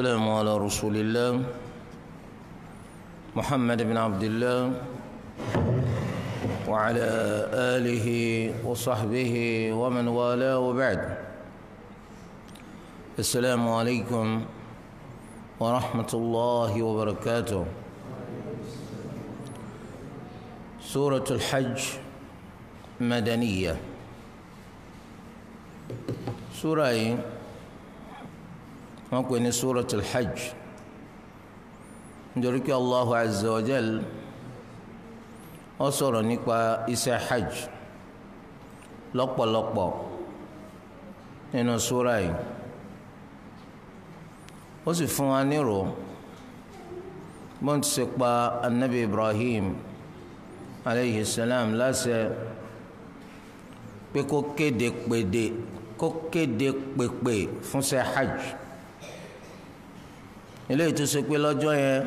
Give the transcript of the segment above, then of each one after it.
السلام على رسول الله محمد بن عبد الله وعلى آله وصحبه ومن والاه وبعد السلام عليكم ورحمة الله وبركاته سورة الحج مدنية سورة wọ́n pè ní suratul hajj nítorí pé allahu azza ọ sọrọ ó sọ̀rọ̀ nípa iṣẹ́ hajj lọpọlọpọ nínú súra yìí ó sì fún wa nírò bó ń ti ṣe pa anabi ibrahim aleyhi salam láṣẹ pé kó kéde pèdè kó kéde pèpè fúnṣẹ́ hajj. eléyìí tó ṣe pé lọ́jọ́ yẹn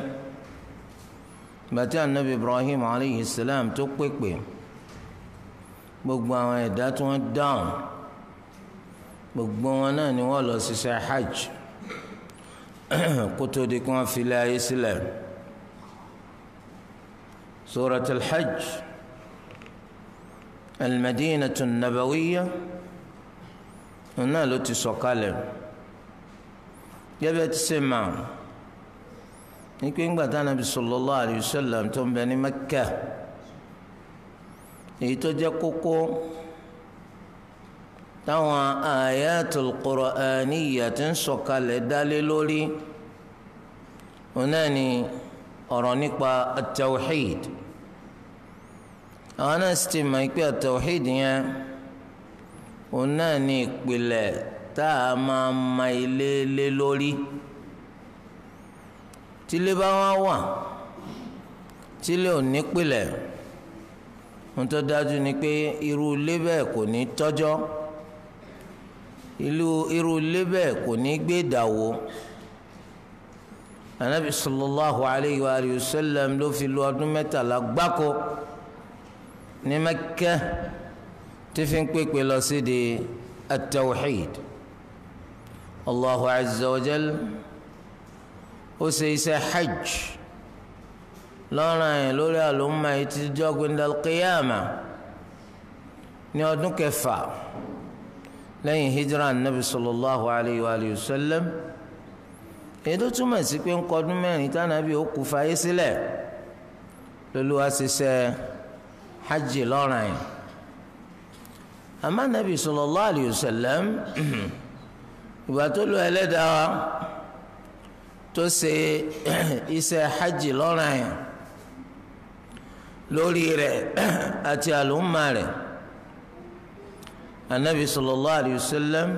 bàtí anabi ibrahim aleyhi salam tó pèpè gbogbo àwọn ẹ̀dá tí wọ́n dáhùn gbogbo wọn náà ni wọ́n lọ ṣiṣẹ́ hajj kótó di kí wọ́n filẹ̀ ayé sílẹ̀ surat alhajj almadina tun nabawiya náà ló ti sọ̀kalẹ̀ gẹ́gẹ́ ti ṣe máa ní pé ńgbà tá nàbì sallallahu alayhi wa sallam tó ń bẹ ní Mẹ́kà èyí tó jẹ́ kókó táwọn ayatul Qur'aniyya tí ń sọ̀kalẹ̀ dálé lórí òun náà ni ọ̀rọ̀ nípa at àwọn náà sì ti mọ̀ pé at yẹn òun náà ni ìpìlẹ̀ tá a máa ma ilé lé lórí tílé bá wá wà tílé ò ní pilẹ̀ ohun tó dájú ni pé irú ilé bẹ́ẹ̀ kò ní tọ́jọ́ irú ilé bẹ́ẹ̀ kò ní gbé dàwó anabi sallallahu alayhi wa sallam ló fi lu ọdún mẹ́tàlá gbáko ní Mẹ́kà tí fi ń pèpè lọ sí di at Allahu azza wa jalla ó ṣe iṣẹ́ hajj lọ́ranyàn lórí àlùmọ́ yìí ti jọ́gbìn dàlùkìyàmà ní ọdún kẹfà lẹ́yìn hijra nabi sallallahu alayhi wa sallam èyí tó túmọ̀ sí pé ńkọdún mẹ́rin tánàbí ó kú fàyè sílẹ̀ lọ́lọ́wọ́ ṣiṣẹ́ hajj lọ́ranyàn àmọ́ nabi sallallahu alayhi wa sallam ìgbà tó lọ ẹlẹ́dàá tó ṣe iṣẹ́ hajj lọ́ranyàn lórí rẹ̀ àti àlùmọ́ rẹ̀ anabi sallallahu alayhi wa sallam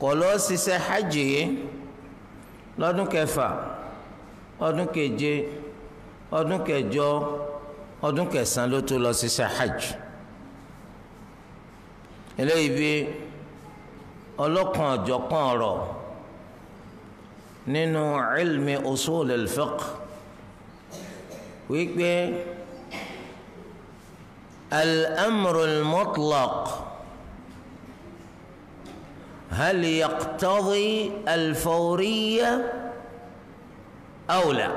kò lọ ṣiṣẹ́ hajj yìí lọ́dún kẹfà ọdún keje ọdún kẹjọ ọdún kẹsàn-án ló tó lọ ṣiṣẹ́ hajj eléyìí bí ọlọ́kan ọ̀jọ̀kan ọ̀rọ̀. ninu علم أصول الفقه fiqh wikpe الامر المطلق هل يقتضي الفوريه او لا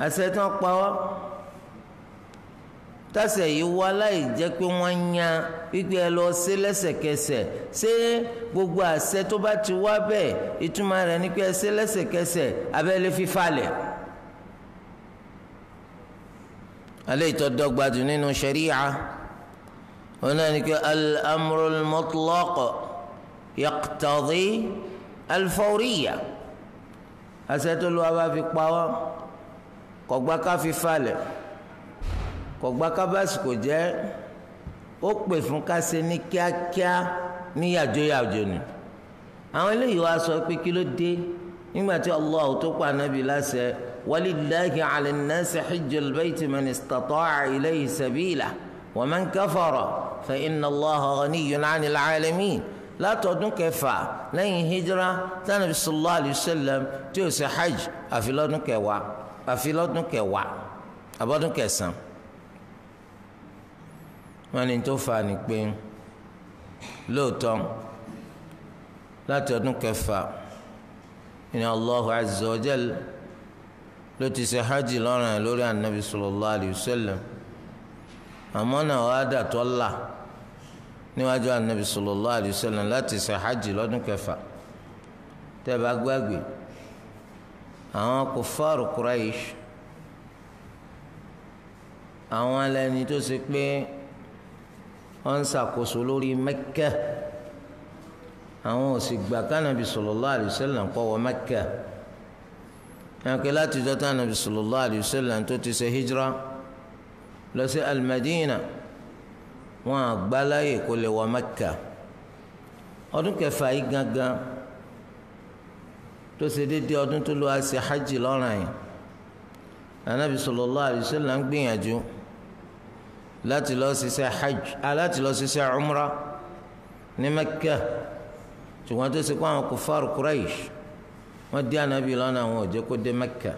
اسيتم قوه tásẹ̀ yìí wá láì jẹ́ pé wọ́n yan pípẹ́ ẹ lọ sí lẹ́sẹ̀kẹsẹ̀ ṣé gbogbo àṣẹ tó bá ti wá bẹ́ẹ̀ ìtumọ̀ rẹ̀ ni pé ẹ ṣe lẹ́sẹ̀kẹsẹ̀ abẹ́lé fífalẹ̀. alẹ́ ìtọ́dọ́gbadù nínú ṣẹ̀ríya wọn náà ni pé al-amrul mutlaq yaqtadi al àṣẹ tó lọ́wọ́ bá fi pa wá kọ̀gbá ká fífalẹ̀. Al kò gba kábàsì kò jẹ́ ó pè fún kásẹ̀ ní kíákíá ní yàjóyàjó ni àwọn eléyìí wá sọ pé kí ló dé nígbà tí Allah tó pa anabi láṣẹ walillahi ala nnasi hijjul bayti man istata'a ilayhi sabila wa man kafara fa inna Allaha ghaniyyun 'anil 'alamin látọdún kẹfà lẹ́yìn hijra tánàbí sallallahu alayhi wa tí ó ṣe hajj àfi lọ́dún kẹwàá àfi lọ́dún kẹwàá àbọ̀dún kẹsàn-án wọn ní tó fa ni pé lóòótọ́ láti ọdún kẹfà ní Allahu azza wa jal ló ti ṣe hajj lọ́rùn ẹ̀ lórí anabi sallallahu alayhi wa sallam àmọ́ náà wàá dàtọ́ là níwájú anabi sallallahu alayhi wa sallam láti ṣe hajj lọ́dún kẹfà tẹ́ bá gbàgbé àwọn kuffaru Quraysh àwọn alẹ́ni tó ṣe pé wọ́n ń ṣàkóso lórí Mẹ́kà àwọn ò sì gbà kánàbì sallallahu alaihi wasallam kó wọ Mẹ́kà ẹnìkan láti jọ tánàbì sallallahu alaihi wasallam tó ti ṣe hijra lọ sí al-Madina wọn àgbáláyè kó lè wọ Mẹ́kà ọdún kẹfà yìí gangan tó ṣe déédéé ọdún tó lọ́ọ́ ṣe hajj lọ́ràn yìí Ànábì sallallahu alaihi ń gbìyànjú láti lọ ṣiṣẹ́ hajj láti lọ ṣiṣẹ́ umra ní mẹ́kà ṣùgbọ́n tó ṣe kó àwọn kufar Quraysh wọ́n dí ànábì lọ́nà àwọn òjò kó dé mẹ́kà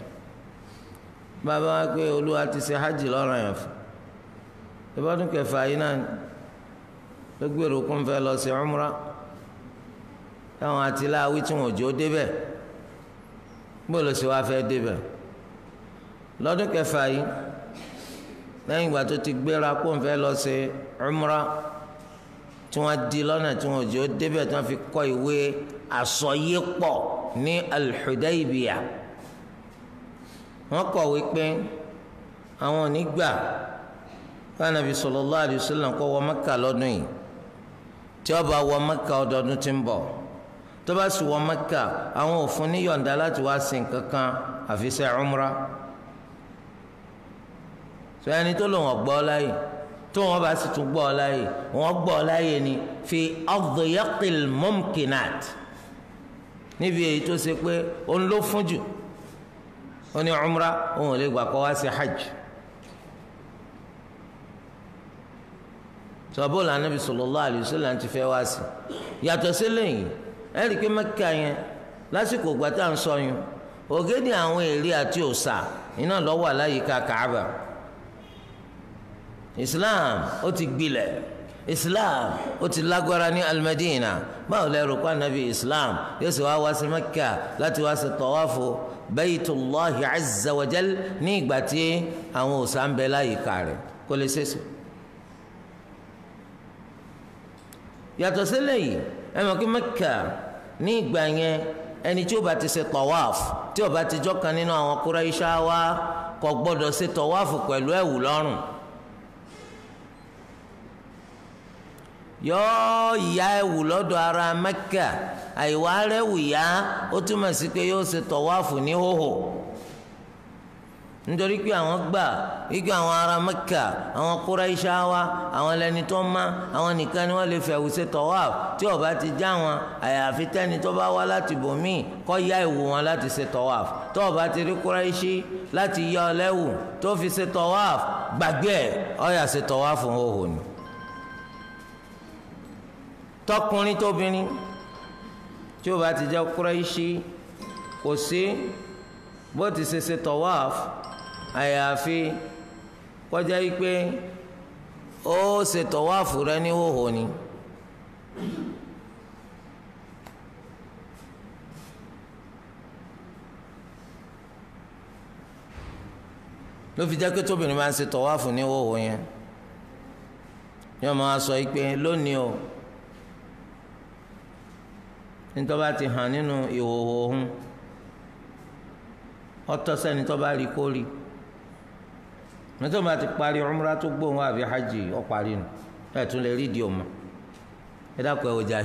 bàbá wa pé olúwa ti ṣe hajj lọ́rọ̀ yẹn fún ìbádùn kẹfà yìí náà ló gbèrò kún fẹ́ lọ ṣe umra táwọn àti láàwí tí wọn ò débẹ̀ bó ló ṣe wá fẹ́ débẹ̀ lọ́dún kẹfà yìí lẹ́yìn ìgbà tó ti gbéra kó n fẹ́ lọ ṣe umra tí wọ́n di lọ́nà tí wọ́n jọ débẹ̀ tí wọ́n fi kọ ìwé àsọyépọ̀ ní al-Hudaybiya wọ́n kọ̀wé pé àwọn ò ní gbà kánàbí sallallahu alaihi wasallam kó wọ Mẹ́kà lọ́dún yìí tí ó wọ Mẹ́kà ọdọọdún tí ń bọ̀ tó bá sì wọ Mẹ́kà àwọn ò ní yọ̀ǹda láti wá sí nǹkan kan àfi ṣe umra sẹ́ni tó lò wọ́n gbọ́ láyè tó wọ́n bá sì tún gbọ́ láyè wọ́n gbọ́ láyè ni fi ọ̀dọ̀yẹ́kìl mọ́mkìnàt níbi èyí tó ṣe pé òun ló fún jù ó ní umra òun ò lè gbà kọ́ wá sí hajj. sọ̀bọ́ la Nabi sallallahu alaihi wasallam ti fẹ́ wá sí yàtọ̀ sí lẹ́yìn ẹ rí i pé Mẹ́kà yẹn lásìkò ìgbà tá à ń sọ yẹn ògèdè àwọn èrè àti òòṣà iná lọ́wọ́ àláyíká Kàábà islam ó ti gbilẹ̀ islam ó ti lágbára ní almadina báwo lẹ́rù kó anabi islam yóò sì wá wá sí mẹ́kà láti wá sí tọ́wáfù bayitullahi azza wa jal ní ìgbà tí àwọn òòṣà ń bẹ láyìíká rẹ̀ kó lè ṣèṣe. yàtọ̀ sílẹ̀ yìí ẹ mọ̀ kí mẹ́kà ní ìgbà yẹn ẹni tí ó bá ti ṣe tọ́wáfù tí ó bá ti jọ́ kan nínú àwọn Quraishawa kò gbọ́dọ̀ ṣe tọ́wáfù pẹ̀lú ẹ̀wù lọ́rùn. yóò yá ẹ̀wù lọ́dọ̀ ara mẹ́kà àìwá rẹ̀ wù yá ó túmọ̀ sí pé yóò ṣe tọ̀wáfù ní hòhò nítorí pé àwọn gbà wípé àwọn ará mẹ́kà àwọn Quraishawa àwọn ẹlẹ́ni tó má àwọn nìkan ni wọ́n lè fẹ̀wù ṣe tọ̀wáfù tí ó bá ti já wọn àyàfi tẹ́ni tó bá wá láti bòmíì kó yá ẹ̀wù wọn láti ṣe tọ̀wáfù tó o ti rí Quraishi láti yá ọ tó fi ṣe tọ̀wáfù gbàgbé ẹ̀ ṣe tọ̀wáfù hòhò ni tọkùnrin tóbìnrin tí ó bá ti jẹ́ kúrẹ́ṣí kò sí bó ti ṣe ṣe tọ̀wáf àyàfi kọjá yìí pé ó ṣe tọ̀wáf rẹ ní hòhò ni. ló fi jẹ́ pé tóbìnrin máa ń ṣe tọ̀wáf ní hòhò yẹn yóò máa sọ yìí lónìí o. nítorí bá ti hàn nínú ìhòòhò ọtọ sẹni tó bá rí nítorí bá ti parí umra tó gbóhùn àbí hajj ó nù lè rí di ẹ ọjà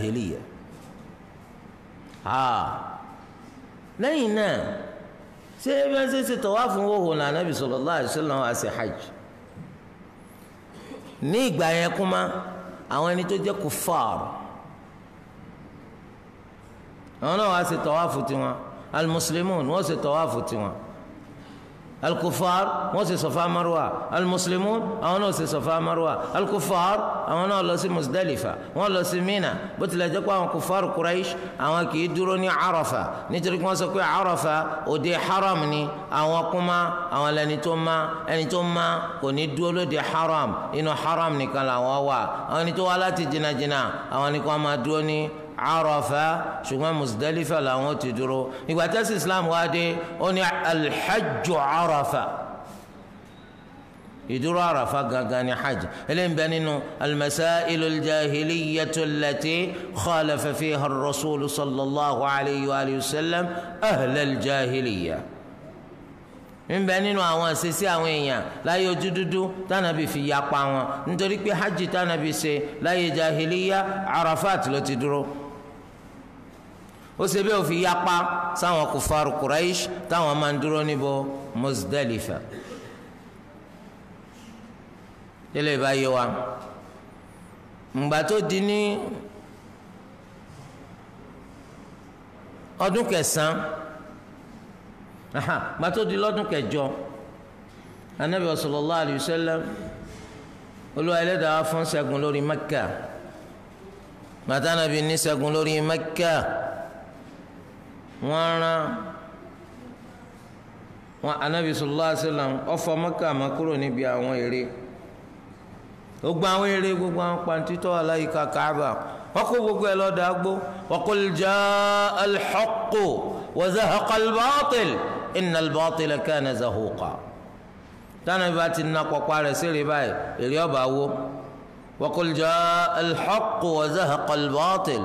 lẹ́yìn náà ṣé bí wọ́n ṣe ṣe tawafu òhò náà hajj ní ìgbà yẹn àwọn ẹni tó àwọn náà wá ṣe tọ́wáfù tiwọn alimuslimun wọ́n ṣe tọ́wáfù tiwọn alkufar wọ́n ṣe sọfà marwa almuslimun àwọn náà ṣe sọfà marwa alkufar àwọn náà lọ sí musdalifa wọ́n lọ sí mina bó tilẹ̀ jẹ́ pé àwọn kufar quraish àwọn kì í dúró ní arafa nítorí wọ́n sọ pé arafa òde haram ni àwọn kuma àwọn lẹni tó ma ẹni tó ma kò ní dúró lóde haram inú haram nìkan làwọn wà àwọn ẹni tó wá láti jìnnàjìnnà àwọn ni máa dúró ní Arafa ṣùgbọ́n Muzdalifa làwọn ti dúró ìgbà tẹ́sí Islam wá dé ó ní alhajju Arafa ìdúró àràfà gangan ni hajj eléyìí bẹ nínú al-masā'ilu al-jāhiliyyatu allatī khālafa fīhā ar-rasūlu sallallahu alayhi wa alihi wa sallam ahla al-jāhiliyya. ń bẹ nínú àwọn àṣìṣe àwọn èèyàn láyé ojú dúdú tánàbí fi yapa wọn nítorí pé hajj tánàbí ṣe láyé jahiliya arafat ló ti dúró ó ṣe bẹ́ẹ̀ ó fi yapa sáwọn kùfàrù Quraysh táwọn máa ń dúró níbo Muzdalifa ilé ìbá yé wa ǹgbà tó di ní ọdún kẹsàn-án ǹgbà tó di lọ́dún kẹjọ anabi sallallahu alayhi olúwa ẹlẹ́dàá fún ṣẹ́gun lórí Mẹ́kà màtánàbí ní ṣẹ́gun lórí Mẹ́kà wọ́n rán wọn anabi sallallahu alaihi wasallam ọfọ mọ́kà má kúrò níbi àwọn ère gbogbo àwọn ère gbogbo àwọn pàǹtítọ́ aláyíká káàbà wọ́n kó gbogbo ẹ̀ lọ́dà gbó wa qul jaa al-haqqu wa zahaqa al-batil inna al-batila kana zahuqa tánà bí ti na pọ̀pọ̀ rẹ̀ sèrè báyìí èrè ọba wo wa qul jaa al-haqqu wa zahaqa al-batil.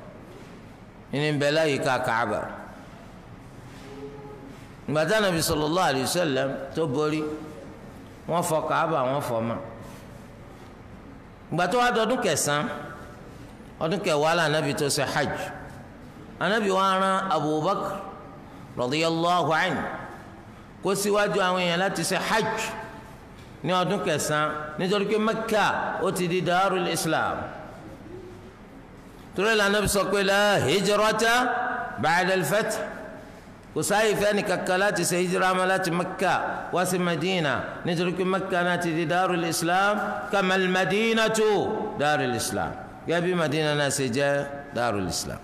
ní bẹ láyìíká Kaaba gbàtà nàbì sallallahu alayhi wa sallam tó borí wọ́n fọ́ Kaaba wọ́n fọ́ ma gbàtà wà dọdún kẹsàn ọdún kẹwàá là nàbì tó ṣe hajj anabi wa ran Abubakar radiyallahu anhu kó síwájú àwọn èèyàn láti ṣe hajj ní ọdún kẹsàn nítorí pé Mẹ́kà ó ti di darul Islam. تقول لا نبسك إلى هجرة بعد الفتح وسايف يعني ككلات سهجرة ملات مكة واس مدينة نترك مكة ناتي دار الإسلام كما المدينة دار الإسلام يا بي مدينة ناسجة دار الإسلام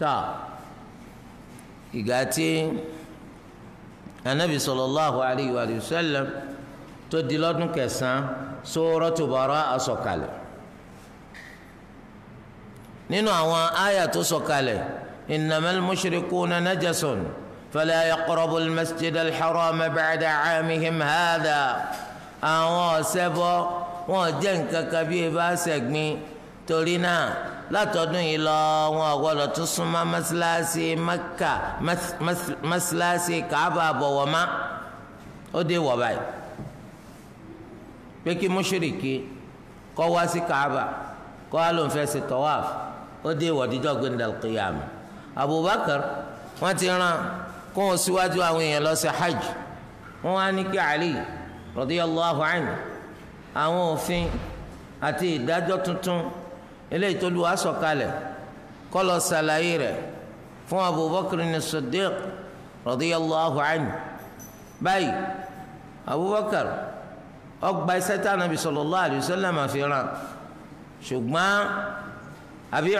تا يقاتي النبي صلى الله عليه وآله وسلم tó di lọ́dún kẹsàn-án Suratu Baraa sọ̀kalẹ̀ nínú àwọn àyà tó sọ̀kalẹ̀ innamal mushrikuna najasun fala yaqrabul masjidal harama ba'da 'amihim hadha àwọn ọ̀sẹ́bọ wọn jẹ́ nǹkan kan bí ebá ṣẹ̀gbin torí náà látọdún yìí lọ wọn ò gbọdọ̀ tún súnmọ́ mọ́sálásí Mẹ́kà mọ́sálásí Kàábà bọ̀wọ̀ ó dé wọ̀ báyìí pé kí mùṣírìkì kó wá sí kaaba kó wá ló ń fẹ́ ṣe tọ́wáf ó dé ìwọ́díjọ́ gbẹ̀ndàl qiyama abubakar wọ́n ti rán kó wọn síwájú àwọn èèyàn lọ sí hajj wọ́n wá ní kí ali radiyallahu anhu àwọn òfin àti ìdájọ́ tuntun eléyìí tó lu asọ̀kalẹ̀ kó lọ ṣàlàyé rẹ̀ fún abubakar ní siddiq radiyallahu anhu báyìí abubakar ọgbà iṣẹ́ tá Ànábì sallallahu alayhi wa sallam fi rán ṣùgbọ́n àbí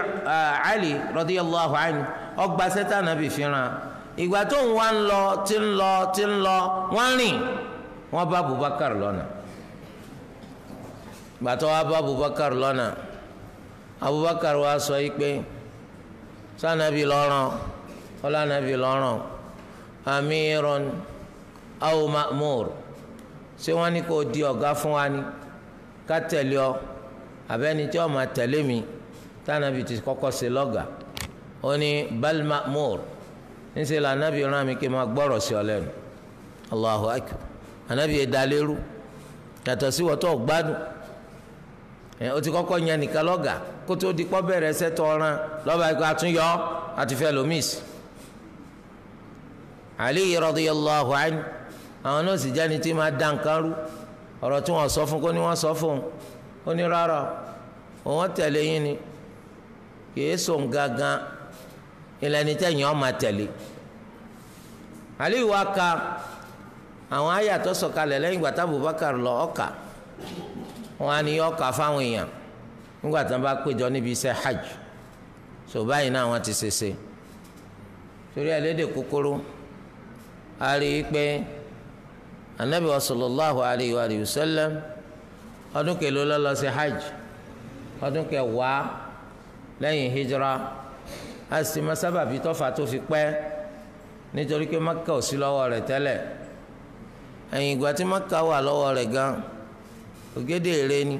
Ali radiyallahu anhu ọgbà iṣẹ́ tá Ànábì fi rán ìgbà tó ń wá ń lọ tí ń lọ tí ń lọ wọ́n rìn wọ́n bá Abubakar lọ́nà ìgbà tó wá bá Abubakar lọ́nà Abubakar wa sọ yìí pé sànàbì lọ́rùn ọlànàbì lọ́rùn amirun aw ma'mur. ṣé wọ́n ní kó di ọ̀gá fún wa ni ká tẹ̀lé ọ àbẹ́ni tí wọ́n tẹ̀lé mi tánàbì ti kọ́kọ́ ṣe lọ́gà ó ní balma la anábì rán mi kí n máa ọ lẹ́nu allahu akbar anábì yẹn da lérú yàtọ̀ sí wọ́tọ̀ gbádùn ti kọ́kọ́ yan nìkan lọ́gà kó tó di pọ́ bẹ̀rẹ̀ ẹsẹ̀ tó lọ́ba ikú àti fẹ́ àwọn náà jáde tí máa dá nǹkan rú ọ̀rọ̀ tí wọ́n sọ fún kó ní wọ́n sọ fún un ní rárá tẹ̀lé yín ni kìí gangan ìlànà tẹ̀yìn ọ̀ máa tẹ̀lé Aliyu aka àwọn àyà tó lẹ́yìn ìgbà tí lọ ọkà wọn ọkà fáwọn èèyàn nígbà tí bá péjọ hajj so báyìí náà ti ṣe ṣe torí a rí i anabi wa sallallahu alayhi wa alayhi wa sallam ọdún kẹlẹ́ ló lọ sí hajj ọdún kẹwàá lẹ́yìn hijra a sì máa sábàbí tọ́fà tó fi pẹ́ nítorí pé maka ò sí lọ́wọ́ rẹ̀ tẹ́lẹ̀ ẹ̀yìn ìgbà tí maka wà lọ́wọ́ rẹ̀ gan ògèdè èrè ni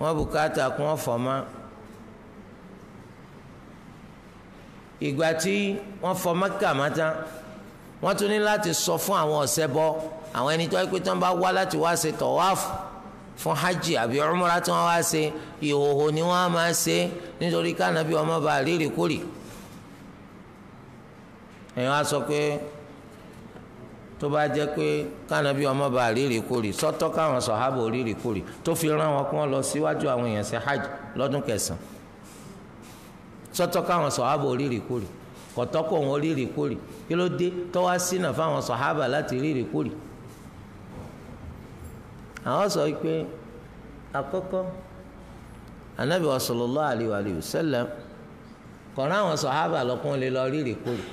wọ́n bùkátà kún ọ̀fọ̀ mọ́ ìgbà tí wọ́n fọ maka mọ́ta wọ́n tún ní láti sọ fún àwọn ọ̀sẹ̀ bọ́ àwọn ẹni tó wáyé pé tí wọ́n bá wá láti wá ṣe tọ̀wáfù fún hajj àbí umrah tí wọ́n wá ṣe ìhòòhò ni wọ́n á máa ṣe nítorí kánábì ọmọ bá rírì kúrì èèyàn á sọ pé tó bá jẹ́ pé kánábì ọmọ bá rírì kúrì sọ́tọ̀ káwọn sọ̀hábò rírì kúrì tó fi rán wọn kí wọ́n lọ síwájú àwọn èèyàn ṣe hajj lọ́dún kẹsàn-án sọ́tọ̀ káwọn sọ̀hábò rírì kúrì kọ̀tọ́kọ̀ wọn rírì kúrì kí ló dé tó sínà fáwọn sọ̀hábà láti rírì kúrì àwọn sọ pé àkọ́kọ́ anabi wa sallallahu alayhi wa sallam kọ̀ọ̀rọ̀ àwọn sọ̀hábà lọ́kùnrin lè lọ rí ìrìkúrì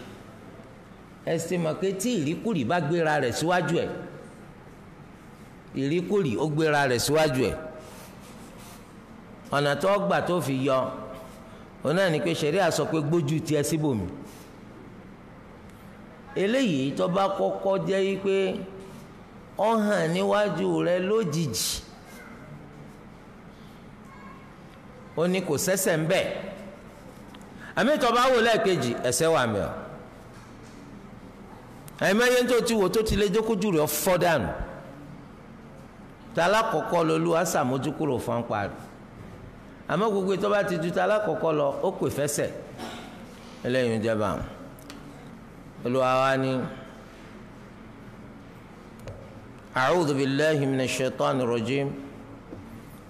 ẹsẹ̀ mọ̀kẹ́ tí ìrìkúrì bá gbéra rẹ̀ síwájú ẹ̀ ìrìkúrì ó gbéra rẹ̀ síwájú ẹ̀ ọ̀nà tó gbà tó fi yọ òun náà ni pé ṣẹ̀ríà sọ pé gbójú tiẹ̀ síbòmí eléyìí tó bá kọ́kọ́ jẹ́ yí pé ó hàn níwájú rẹ lójijì ó ní kò sẹ́ṣẹ̀ ń bẹ àmì ìtọ́ba wò lẹ́ẹ̀kejì ẹ̀ṣẹ̀ wà mí o àìmọye tó ti wò tó ti lé jókòjú rẹ fọ́ dànù tala kọ́kọ́ lọ lu aṣàmójúkúrò fún parí àmọ́ gbogbo tó ti ju tala kọ́kọ́ lọ ó pè fẹsẹ̀ ẹlẹyìn ìjọba olùwàwa ni. أعوذ بالله من الشيطان الرجيم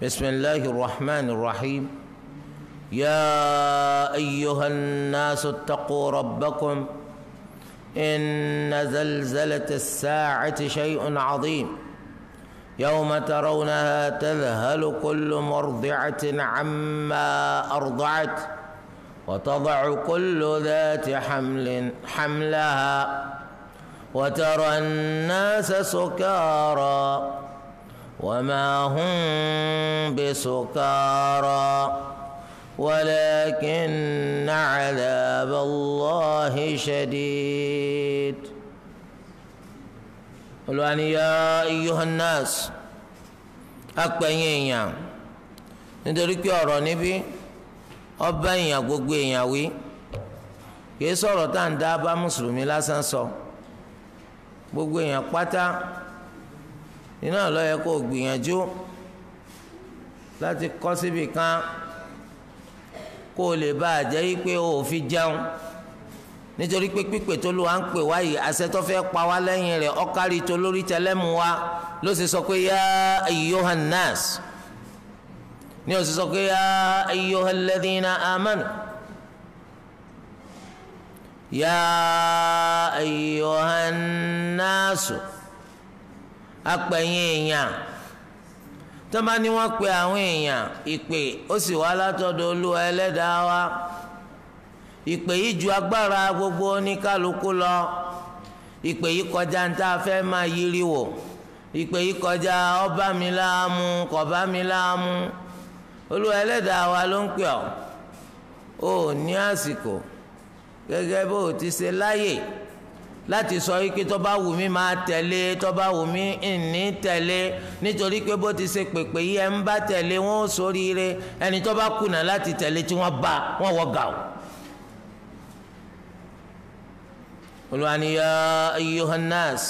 بسم الله الرحمن الرحيم يا أيها الناس اتقوا ربكم إن زلزلة الساعة شيء عظيم يوم ترونها تذهل كل مرضعة عما أرضعت وتضع كل ذات حمل حملها وترى الناس سكارى وما هم بسكارى ولكن عذاب الله شديد olùwàní ya iyuhan nas akpẹ̀yìn èèyàn nítorí pé ọ̀rọ̀ níbí ọba èèyàn gbogbo èèyàn wí kìí sọ̀rọ̀ tá à ń dá bá mùsùlùmí lásán sọ. So gbogbo èèyàn pátá iná ló yẹ kó gbìyànjú láti kọ́ síbi kan kó o lè bá a jẹ́ wípé o ò fi jẹun nítorí pé pípè tó lù wá ń pè wáyé àṣẹ tó fẹ́ pa wá lẹ́yìn rẹ̀ ọ̀kárí tó lórí tẹlẹ́mu wa ló sì sọ pé yá ayyuhan ni ó sì sọ pé yá ayyuhal ladhina amanu. يا أيها الناس أقبين èèyàn tó bá ní wọ́n pe àwọn èèyàn ìpè ó sì wá látọ̀dọ̀ Olúwa Ẹlẹ́dàá wa ìpè yìí ju agbára gbogbo oníkálukú lọ ìpè yìí kọjá ń tá a fẹ́ máa yiri wò ìpè yìí kọjá ọba mi láàmú kọba mi láàmú Olúwa Ẹlẹ́dàá wa ló ń pè ọ́ ò ní àsìkò. gẹ́gẹ́ bó o ti ṣe láàyè láti sọ wípé tó bá wù mí máa tẹ̀lé tó bá wù mí ìní tẹ̀lé nítorí pé bó ti ṣe pèpè yìí ẹ ń bá tẹ̀lé wọn ò sóríire ẹni tó bá kùnà láti tẹ̀lé tí wọ́n bá wọn wọ gàù. olùwànìyà ayyuhannas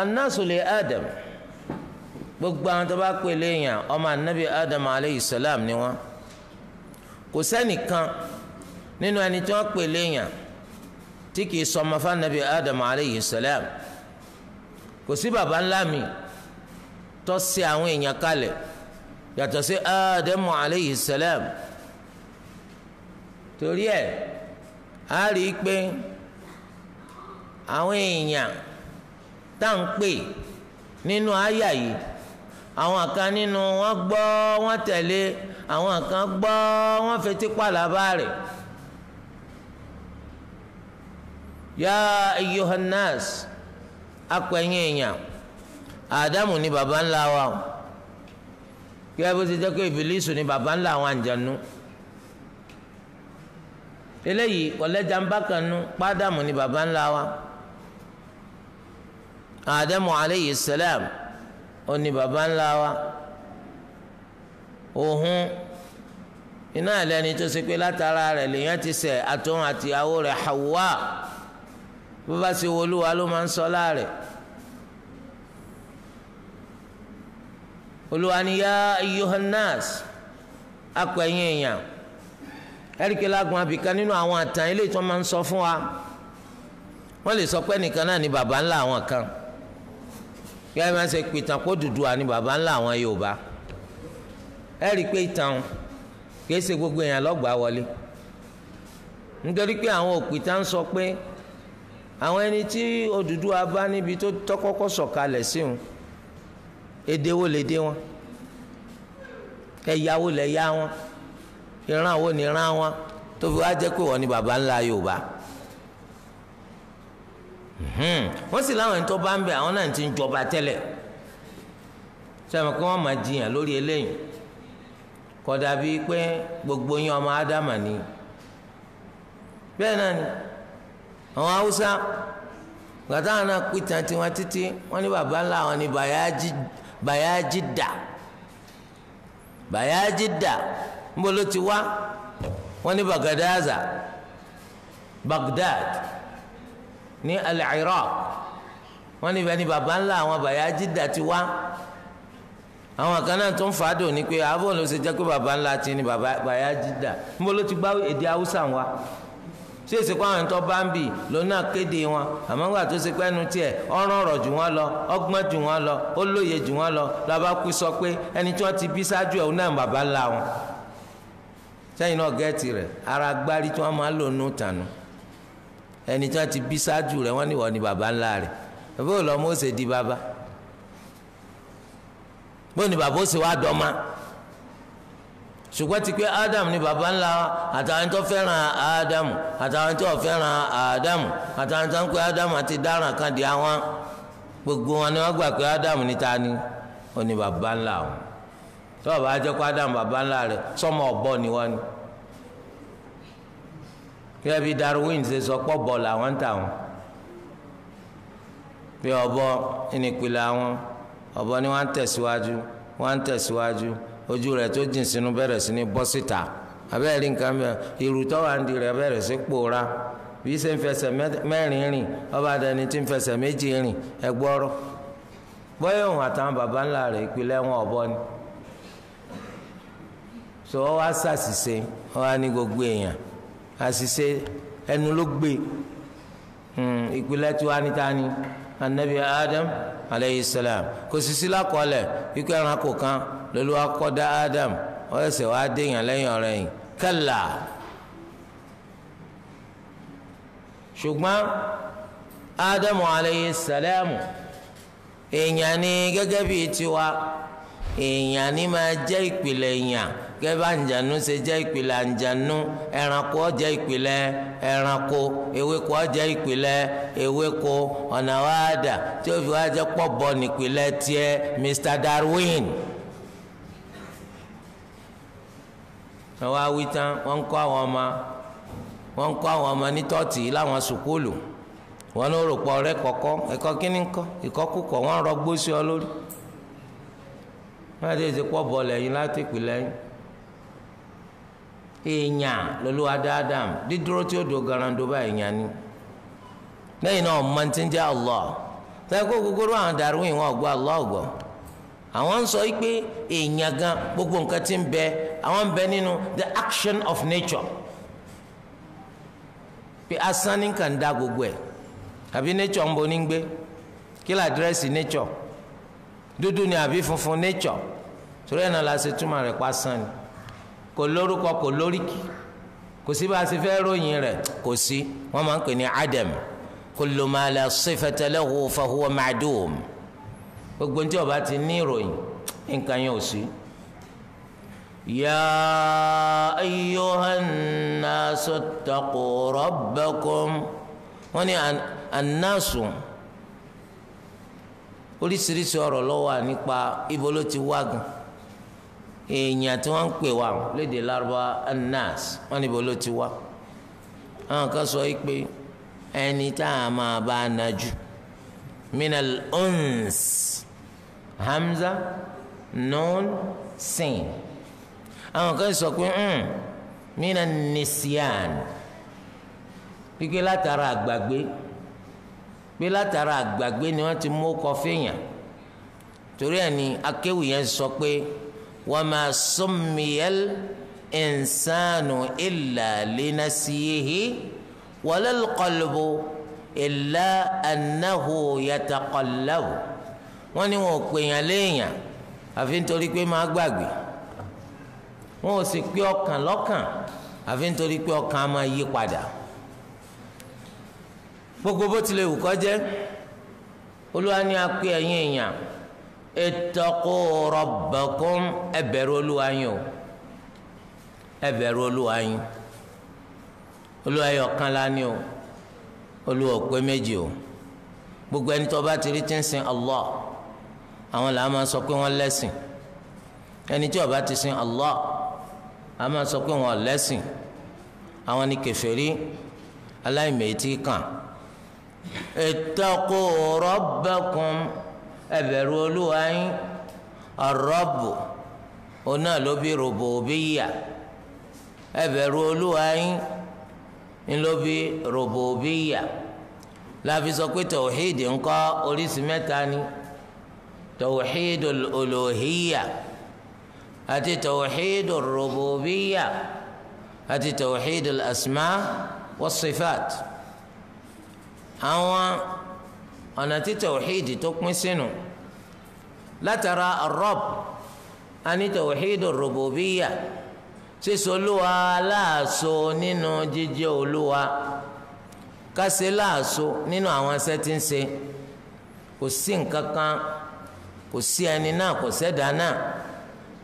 annasu adam gbogbo àwọn tó bá pè léèyàn ọmọ anabi adam aleyhi salam ni wọn kò sẹ́nìkan nínú ẹni tí wọ́n pè léèyàn tí kìí sọmọ fanabi adam aleyhi salam kò sí baba ńlá mi tó ṣe àwọn èèyàn kalẹ̀ yàtọ̀ sí adam aleyhi salam torí ẹ̀ a rí i pé àwọn èèyàn tá à ń pè nínú àyà yìí àwọn kan nínú wọn gbọ́ wọn tẹ̀lé àwọn kan gbọ́ wọn fetí pàlàbà rẹ̀. ya ayyuhannas akpẹ̀yìn èèyàn àdámù ni baba ńlá wa o kí ẹ bó ti jẹ́ pé ìbílísù ni baba ńlá àwọn àǹjẹ̀nu eléyìí ọ̀lẹ́jà ń bá kan nu pàdámù ni baba ńlá wa àdámù aleyhi salam ó baba ńlá wa òhun iná ẹlẹ́ni tó ṣe pé látara rẹ̀ lèèyàn ti ṣẹ̀ àtúnwò àtìyàwó rẹ̀ Hawa bó bá ṣe wo olúwa ló máa ń sọ láàrẹ olúwa ni yá yohannas akọ ẹ̀yin èèyàn ẹríkì lágùn abìkan nínú àwọn àtàn ilé tí wọ́n máa ń sọ fún wa wọ́n lè sọ pé nìkan náà ni baba ńlá àwọn kan kí ẹ máa ṣe pìtàn kó Odùduwà ni baba ńlá àwọn Yorùbá ẹ rí i pé ìtàn kìí ṣe gbogbo èèyàn lọ́gbàá wọlé nítorí pé àwọn òpìtàn sọ pé àwọn ẹni tí Odùduwà bá níbi tó tọ́kọ́kọ́ sọ̀kalẹ̀ sí wọn èdè wo lè dé wọn ẹ̀yà wo lè yá wọn ìran ni ìran wọn tó fi wá jẹ́ pé wọ́n ni baba ńlá Yorùbá hmm. wọ́n sì láwọn ẹni tó bá ń bẹ àwọn náà ti ń jọba tẹ́lẹ̀ sọ́yìn kí wọ́n máa jiyàn lórí eléyìí kódà bíi pé gbogbo yín ọmọ ádámà ni bẹ́ẹ̀ náà ni àwọn haúsá gbàtà àwọn apìtàn tiwọn títí wọn ní baba ńlá àwọn ní bayajida bayajida níbo ló ti wá wọn ní bagadaza bagdad ní al-Iraq wọn níbẹ̀ ni baba ńlá àwọn bayajida ti wá àwọn kan náà tó ń fàádò ní pé àbọ̀ ló ṣe jẹ́ pé baba ńlá ti ní bayajida níbo ló ti gbá èdè haúsá wa ṣé èsì kó àwọn tó bá ń bì lónà kéde wọn àmọ́ ńgbà tó ṣe pẹ́nu tiẹ̀ ọ̀rọ̀ ọ̀rọ̀ jù wọ́n lọ ọgbọ́n jù wọ́n lọ ó lóye jù wọ́n lọ làbá kú sọ pé ẹni tí wọ́n ti bí ṣáájú ẹ̀ òun náà bàbá ńlá wọn. sẹ́yìn náà gẹ́ẹ̀tì rẹ̀ ara gbárí tí wọ́n máa ń lò nù tànù ẹni tí wọ́n ti bí ṣáájú rẹ̀ wọ́n ní wọ́n bàbá ńlá rẹ̀ bó lọ́mọ́ di bàbá bó ní bàbá ó ṣe wá dọ́mọ́ ṣùgbọ́n ti pé Adam ni baba ńlá àtàwọn tó fẹ́ràn Adam àtàwọn tó fẹ́ràn Adam àtàwọn tó ń pè Adam àti dáràn kan di àwọn gbogbo wọn ni wọ́n gbà pé Adam ni ta ni ó ní baba ńlá o tó o bá jẹ́ pé Adam baba ńlá rẹ̀ sọmọ ọ̀bọ ni wọ́n ni kí ẹ bí Darwin ṣe sọ pọ̀ bọ̀ làwọn ń tà wọn bí ọ̀bọ ìnìpìlẹ̀ àwọn ọ̀bọ ni wọ́n ń tẹ̀síwájú wọ́n ń tẹ̀síwájú ojú rẹ̀ tó jìn sínú bẹ̀rẹ̀ sí ní bọ́ síta abẹ́rẹ́ nǹkan mẹ́ irú tọ́wà ń di rẹ̀ bẹ̀rẹ̀ sí pòórá bí ṣe ń fẹsẹ̀ mẹ́rin rìn ọba dẹni tí ń fẹsẹ̀ méjì rìn ẹgbọ́rọ́ bọ́yọ̀ òun àtàwọn baba ńlá rẹ̀ ìpìlẹ̀ wọn ọ̀bọ ni so ọ wá ṣàṣìṣe ọ wá ní gbogbo èèyàn àṣìṣe ẹnu ló gbé hmm, ìpìlẹ̀ tí níta ni anabi adam aleyhi salam kò sì sí lákọọ́lẹ̀ ikú ẹranko kan lọ́lọ́wọ́ akọ́dá Adam wọ́n ẹsẹ̀ wá déyàn lẹ́yìn ọ̀rẹ́ yìí kẹ́là ṣùgbọ́n Adam alayhi salamu èèyàn ni gẹ́gẹ́ bíi tiwa èèyàn ni máa jẹ́ ìpìlẹ̀ èèyàn gẹ́gẹ́ bá ǹjànú ṣe jẹ́ ìpìlẹ̀ àǹjànú ẹranko jẹ́ ìpìlẹ̀ ẹranko ewéko jẹ́ ìpìlẹ̀ ewéko ọ̀nà wa dà tí ó fi wá jẹ́ pọ̀ bọ̀ nípìlẹ̀ tiẹ̀ Mr. Darwin. wọn awitan tán wọn kọ́ àwọn ọmọ wọn kọ́ àwọn ọmọ ní tọ́tì láwọn sùkúlù wọn ló rò ọ̀rẹ́ kọ̀kọ́ ẹ̀kọ́ kínní kọ́ wọn rọ gbósì ọ lórí wọn àti èsì pọ̀ bọ̀ lẹ́yìn láti pè lẹ́yìn èèyàn dídúró tí ó do garando èèyàn ni lẹ́yìn náà tẹ́kọ̀ àwọn ń sọ pé èèyàn gan gbogbo nǹkan tí ń bẹ àwọn ń bẹ nínú the action of nature pé asán ní kàn dá gbogbo ẹ̀ àbí nature ń bo ní gbé kí lè àdírẹ́sì nature dúdú ni àbí funfun nature torí ẹ̀ náà la ṣe túmọ̀ rẹ̀ pa sàn ni kò lórúkọ kò lóríkì kò sí bá a ṣe fẹ́ ròyìn rẹ̀ kò sí wọ́n máa ń pè ní adam kullu ma la sifata lahu fahuwa ma'dum gbogbo ntí ọba ti ní ìròyìn nǹkan yẹn ò sí. يا أيها الناس اتقوا ربكم wọ́n ní ànásù oríṣiríṣi ọ̀rọ̀ ló wà nípa ibo ló ti wá gan èèyàn tí wọ́n ń pè wá léde lárúbá anas wọ́n níbo ló ti wá àwọn kan sọ pé ẹni tá a máa bá a nájú minal uns hamza nun sin àwọn kan sọ pé ń hmm, mina nisian pípé látara àgbàgbé pé látara àgbàgbé ni wọ́n ti mú kọfí yàn torí ẹ̀ ni akéwì yẹn sọ pé wa ma summiyal insanu illa linasiyihi walal qalbu illa annahu yataqallabu. wọ́n ní wọn ò pèèyàn léèyàn àfi nítorí pé máa gbàgbé wọn ò sì pé ọkàn lọ́kàn àfi nítorí pé ọkàn máa yí padà gbogbo bó tilẹ̀ wù kó olúwa ni a pè èèyàn o olúwa yín olúwa ọ̀kan la o olúwa o gbogbo ẹni tó bá ti rí àwọn làá máa sọ pé wọ́n lẹ́sìn ẹni tí ó bá ti sin Allah a máa sọ pé wọ́n lẹ́sìn àwọn ni kèfèrí aláìmẹ̀tì kan ittaqu rabbakum ẹ bẹ̀rù Olúwa yín ar-Rabbu ló bí rububiyya ẹ bẹ̀rù Olúwa yín ló bí rububiyya láfi sọ pé tauhid ńkọ́ oríṣi mẹ́ta ni tawhidul uluhiyya àti tawhidul rububiyya àti tawhidul asma wa sifat àwọn ọ̀nà tí tawhidi tó pín sínú látara ar-rabb àní tawhidul rububiyya sísọ olúwa láàṣọ nínú jíjẹ́ olúwa kásẹ̀ láàṣọ nínú àwọn iṣẹ́ tí ń ṣe kò sí nǹkan kan. kò sí ẹni náà kò sẹ́dá náà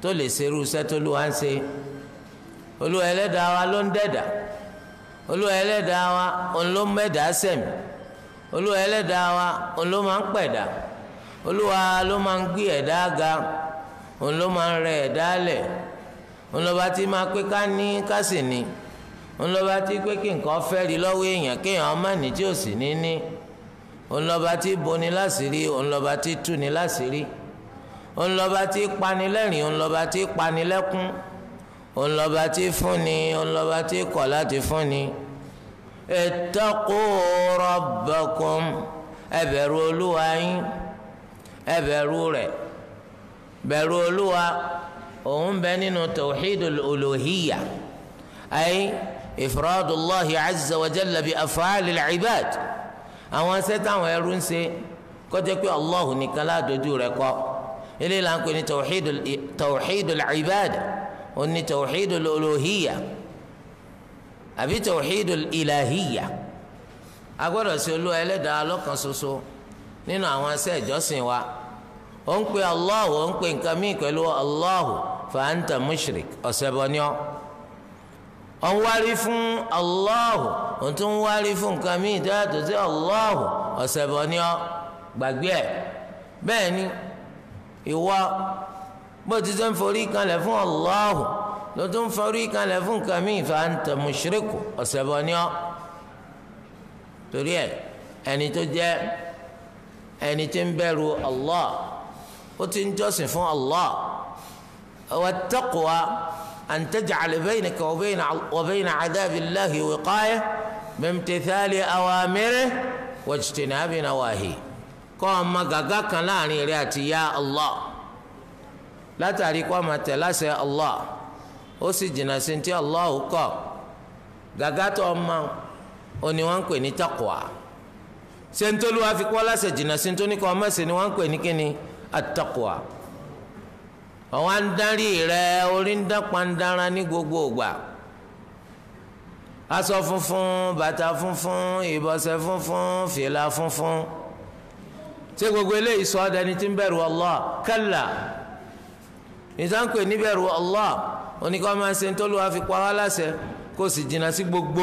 tó lè ṣerú iṣẹ́ tó wá ń se olúwa ẹlẹ́dàá wa ló ń dẹ̀dà olúwa ẹlẹ́dàá wa ló ń olúwa wa òun ló máa ń pẹ̀dà olúwa ló máa ń gbé ẹ̀dá ga òun ló máa ń rẹ ẹ̀dá lẹ̀ òun lọ́ba tí máa pé ká ní ká sì ní òun lọ́ba tí pé kí ńlọba tí boni láṣìírí ńlọba tí túni láṣìírí ńlọba tí panilẹ́rìn ńlọba tí panilẹ́kún ńlọba tí fúnni ńlọba tí kọ̀ láti fúnni ittaqu rabbakum ẹ bẹ̀rù olúwa yín ẹ bẹ̀rù rẹ̀ bẹ̀rù olúwa òun bẹ nínú tawhidul uluhiyya ay ifradullahi azza wa jalla àwọn asẹ́ táwọn ẹrú ń ṣe kó jẹ́ pé Allah nìkan ládojú rẹ̀ kọ́ ilé là ń pè ní tawhidul ibad oní tawhidul uluhiyya àbí tawhidul ilahiyya a gbọ́dọ̀ sí olúwa ẹlẹ́dàá lọ́kan ṣoṣo nínú àwọn asẹ́ ìjọsìn wa ó ń Allah ó ń nǹkan míì pẹ̀lú Allah fa anta mushrik ọ̀sẹ̀ bọ́ ni ọ́ ọ̀n wárí fún Allahu ọ̀n tún wárí fún nǹkan míì tó yàtọ̀ sí Allahu ọ̀sẹ̀ bọ̀ ni ọ́ gbàgbé ẹ̀ bẹ́ẹ̀ ni ìwọ bó ti tó ń forí kanlẹ̀ fún Allahu ló tún forí kanlẹ̀ fún nǹkan míì fa anta ọ̀sẹ̀ bọ̀ ni ọ́ torí ẹ̀ ẹni tó jẹ́ ẹni tí ń bẹ̀rù Allah ó ti ń jọ́sìn fún Allah wa taqwa. أن تجعل بينك وبين وبين عذاب الله وقاية بامتثال أوامره واجتناب نواهيه kọ́ ma gàgà kan láàrin rẹ àti ya Allah látàrí kọ́ ma tẹ̀ láṣẹ Allah ó sì jìnnà sí ti Allah kọ́ gàgà tó ma ó ní wọ́n ń pè ní taqwa sentolu afikọ́ láṣẹ jìnnà sí tó ní kọ́ ọmọ sí ni wọ́n ń pè ní kíni at-taqwa àwọn adarí rẹ orí ń dán pandara ní gbogbo ògbà aṣọ funfun bàtà funfun ìbọ̀sẹ̀ funfun fìlà funfun ṣé gbogbo eléyìí sọ ọdẹni tí ń bẹ̀rù Allah kalla ìtànkù níbẹ̀rù Allah oníkọ́ máa ń ṣe ń tọ́lú wa fi pa wá láṣẹ kó sì jìnnà sí gbogbo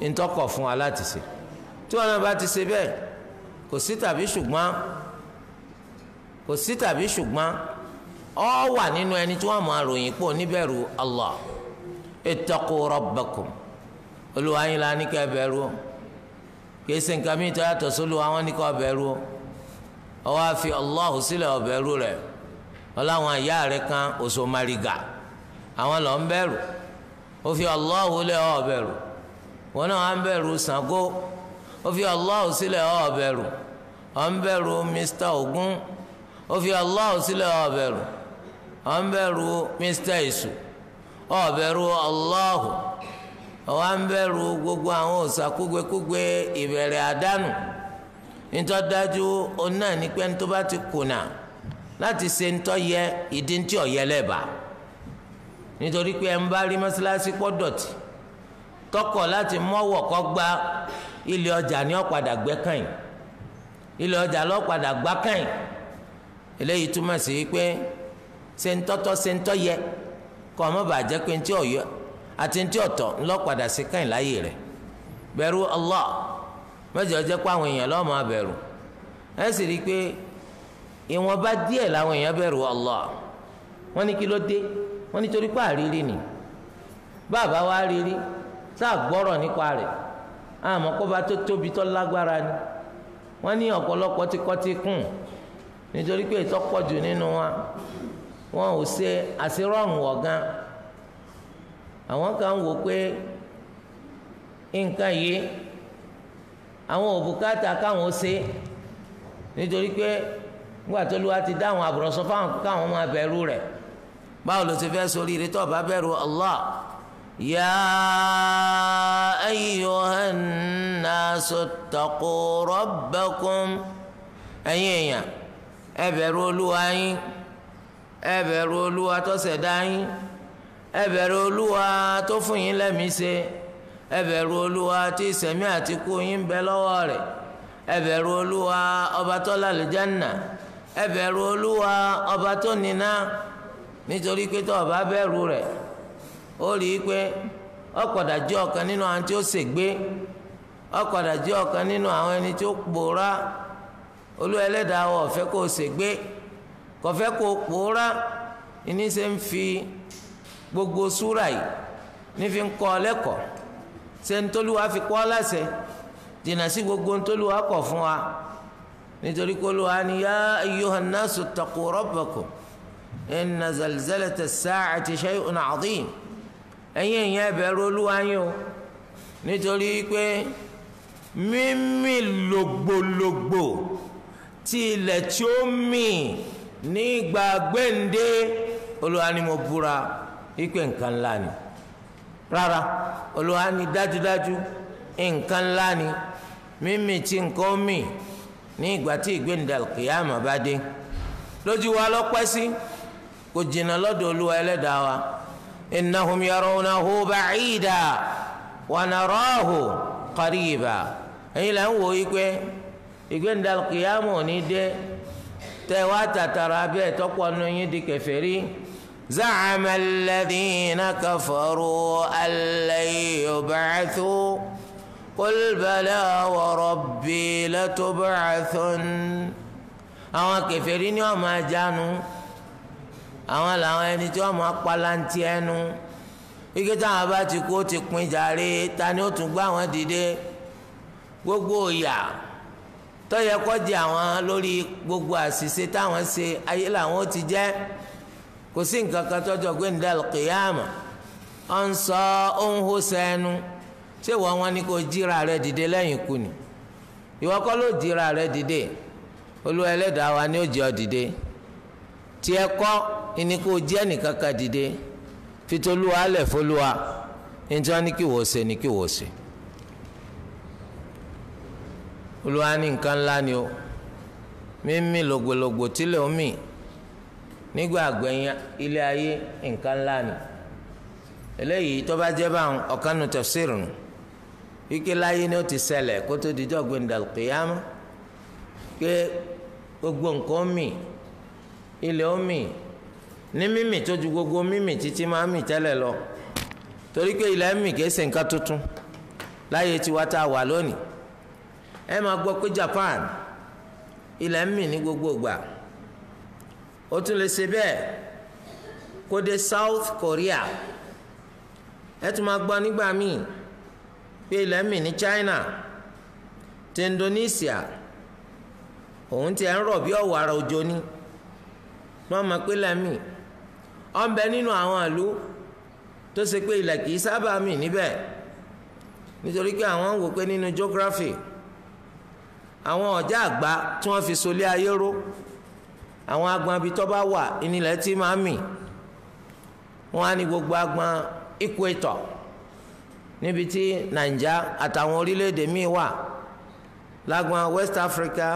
ntọ́kọ̀ fún wa láti ṣe tí wọn bá ti ṣe bẹ́ẹ̀ kò sí tàbí ṣùgbọ́n kò sí tàbí ṣùgbọ́n ọ wà nínú ẹni tí wọ́n mọ ròyìn pò níbẹ̀rù ọlọ ittaqu rabbakum olúwa ní o kìí ṣe nǹkan tó yàtọ̀ wọn ní ká ọwọ́ àfi sílẹ̀ rẹ̀ ọláwọn ìyá rẹ̀ kan oṣù mariga àwọn lọ ń ó fi Allah lẹ̀ wọn náà ń Sango. ó fi sílẹ̀ ọ̀ ń Mr Ogun. ó fi sílẹ̀ ọ ń bẹ̀rù mr isu ọ bẹ̀rù Allahu ọ ń gbogbo àwọn òsàkúgbèkúgbè ìbẹ̀rẹ̀ àdánù nítọ́dájú òun náà ní pé tó bá ti kùnà láti se ntọ́ yẹ ìdí ntí ọ̀yẹ lẹ́bàá nítorí pé ẹ̀ ń bá rí mọ́ṣáláṣí pọ̀ dọ̀tí tọkọ̀ láti mọ́wọ̀ kọ́ gba ilé ọjà ní ọ̀padà gbẹ́ kàn ilé ọjà lọ́padà gbá kàn eléyìí túmọ̀ sí pé. ṣe ń tọ́tọ́ ṣe ń tọ́ yẹ kọ́ ọ má bàa jẹ́ pé ntí ọ̀yọ́ àti ntí ọ̀tọ̀ ńlọ́padà sí káyìn láyè rẹ̀ bẹ̀rù Allah mẹ́jọ jẹ́ pé àwọn èèyàn lọ́ọ́ máa bẹ̀rù ẹ sì rí pé ìwọ̀nba díẹ̀ làwọn èèyàn bẹ̀rù Allah wọ́n ní kí ló dé wọ́n nítorí pé àrírí ni bàbá wa rírí sáà gbọ́rọ̀ nípa rẹ̀ àmọ́ kó bá tó tóbi tó lágbára ni wọ́n ní ọ̀pọ̀lọpọ̀ tí kọ́ ti kùn nítorí pé ìtọ́pọ̀jù nínú wa wọn ò ṣe àṣírọ̀hùn ọ̀gán àwọn kan wò pé nǹkan yìí àwọn òbúkátà káwọn ó ṣe nítorí pé nígbà tó ti dáhùn àbùrọ̀sọ fáwọn káwọn máa bẹ̀rù rẹ̀ báwo ló ti fẹ́ bẹ̀rù Allah ya ayyuhan nasu ttaqu èèyàn ẹ bẹ̀rù ẹ bẹ̀rù olúwa tó ṣẹ̀dá yín ẹ olúwa tó fún yín lẹ́mìí ṣe olúwa tí ìṣẹ̀mí àti yín bẹ lọ́wọ́ rẹ̀ ẹ olúwa ọba tó lálùjánnà ẹ bẹ̀rù olúwa ọba tó níná nítorí pé tó ọba bẹ̀rù rẹ̀ ó rí i pé ọ̀pọ̀dà ọ̀kan nínú àwọn tí ó kọfẹ́ kó pòórá ní ṣe ń fi gbogbo súrà yìí nífi ń kọ́ lẹ́kọ̀ọ́ ṣe ń tólúwa fi kọ́ láṣẹ dènà sí gbogbo ń tólúwa kọ̀ fún wa nítorí kó ló wá yá ayyuhan nasu taqu rabbakum inna zalzalata as-sa'ati shay'un 'azim ẹ̀yin ẹ̀yin ẹ bẹ̀rù Olúwa yín o nítorí pé mímì lògbòlògbò tí ilẹ̀ tí ó mì ní ìgbà nde, olúwa ni mo búra ìpè nǹkan ńlá ni rárá olúwa ni dájúdájú nǹkan ńlá ni mímì tí nǹkan mì ní ìgbà tí ìgbẹ̀ǹde alkiyama bá dé lójú wa lọ́pẹ́ sí kò jìnnà lọ́dọ̀ olúwa ẹlẹ́dàá wa innahum yarawnahu ba'ida wa narahu qariba èyí là ń wò ó yí pé ìgbẹ̀ǹde alkiyama ò ní dé. tẹ wá tàtàrà bẹ́ẹ̀ tọ́pọ̀ nu yín di kèfèrí za'ama alladhina kafaru alla yub'athu qul bala wa rabbi latub'athun àwọn kèfèrí ni wọ́n máa jánu àwọn làwọn ẹni tí wọ́n máa palantí ẹnu ike táwọn bá ti kú ti pin jàre ta ó tún gbá wọn dìde gbogbo ìyà tọ́yẹ kọ́jì àwọn lórí gbogbo àṣìṣe táwọn ṣe ayé làwọn ó ti jẹ́ kò sí nǹkan kan tọ́jọ́ gbẹ̀ndà kìyàmù ọ̀ ń sọ ó sẹ́nu ṣé wọ́n wọn ni kò jíra rẹ dìde lẹ́yìn kù ni ìwọ kọ́ ló jíra rẹ dìde olúwa ẹlẹ́dàá wa ni ó jẹ́ ọ dìde tiẹ̀ kọ́ ni kò jẹ́ nìkan kan dìde fitoluwa alẹ́ foluwa ní tí wọ́n kí wò ṣe ní kí wò ṣe. olúwa ní nǹkan ńlá ni o mímí lògbòlògbò tí omi nígbà àgbẹ̀yìn ilé ayé nǹkan ńlá ni eléyìí tó bá jẹ́ báwọn ọ̀kan nu nù láyé ni ó ti ṣẹlẹ̀ kó tó di jọ́gbìn gbogbo nǹkan omi ilẹ̀ omi ní mímì tó ju gbogbo mímì títí máa mì tẹ́lẹ̀ lọ torí pé ilẹ̀ mì kìí ṣe nǹkan tuntun láyé tá a wà lónìí ẹ máa gbọ́ pé Japan ilẹ̀ ń mì ní gbogbo ìgbà ó tún lè ṣe bẹ́ẹ̀ kó dé South Korea ẹ tún máa gbọ́ nígbà míì pé ilẹ̀ ń mì ní China ti Indonesia òun ti ẹ̀ ń rọ̀ bí ọ̀wọ́ ara òjò ni wọ́n mọ̀ pé ọ ọ̀nbẹ nínú àwọn ìlú tó ṣe pé ilẹ̀ kìí sábà mì níbẹ̀ nítorí pé àwọn ń wò pé nínú geography àwọn ọ̀já àgbá tí wọ́n fi solé ayé ró àwọn agbọn abi tó bá wà ìnílẹ̀ tí máa mì wọ́n á ní gbogbo agbọn equator níbi tí nàìjà àtàwọn orílẹ̀ míì wà lágbọn West Africa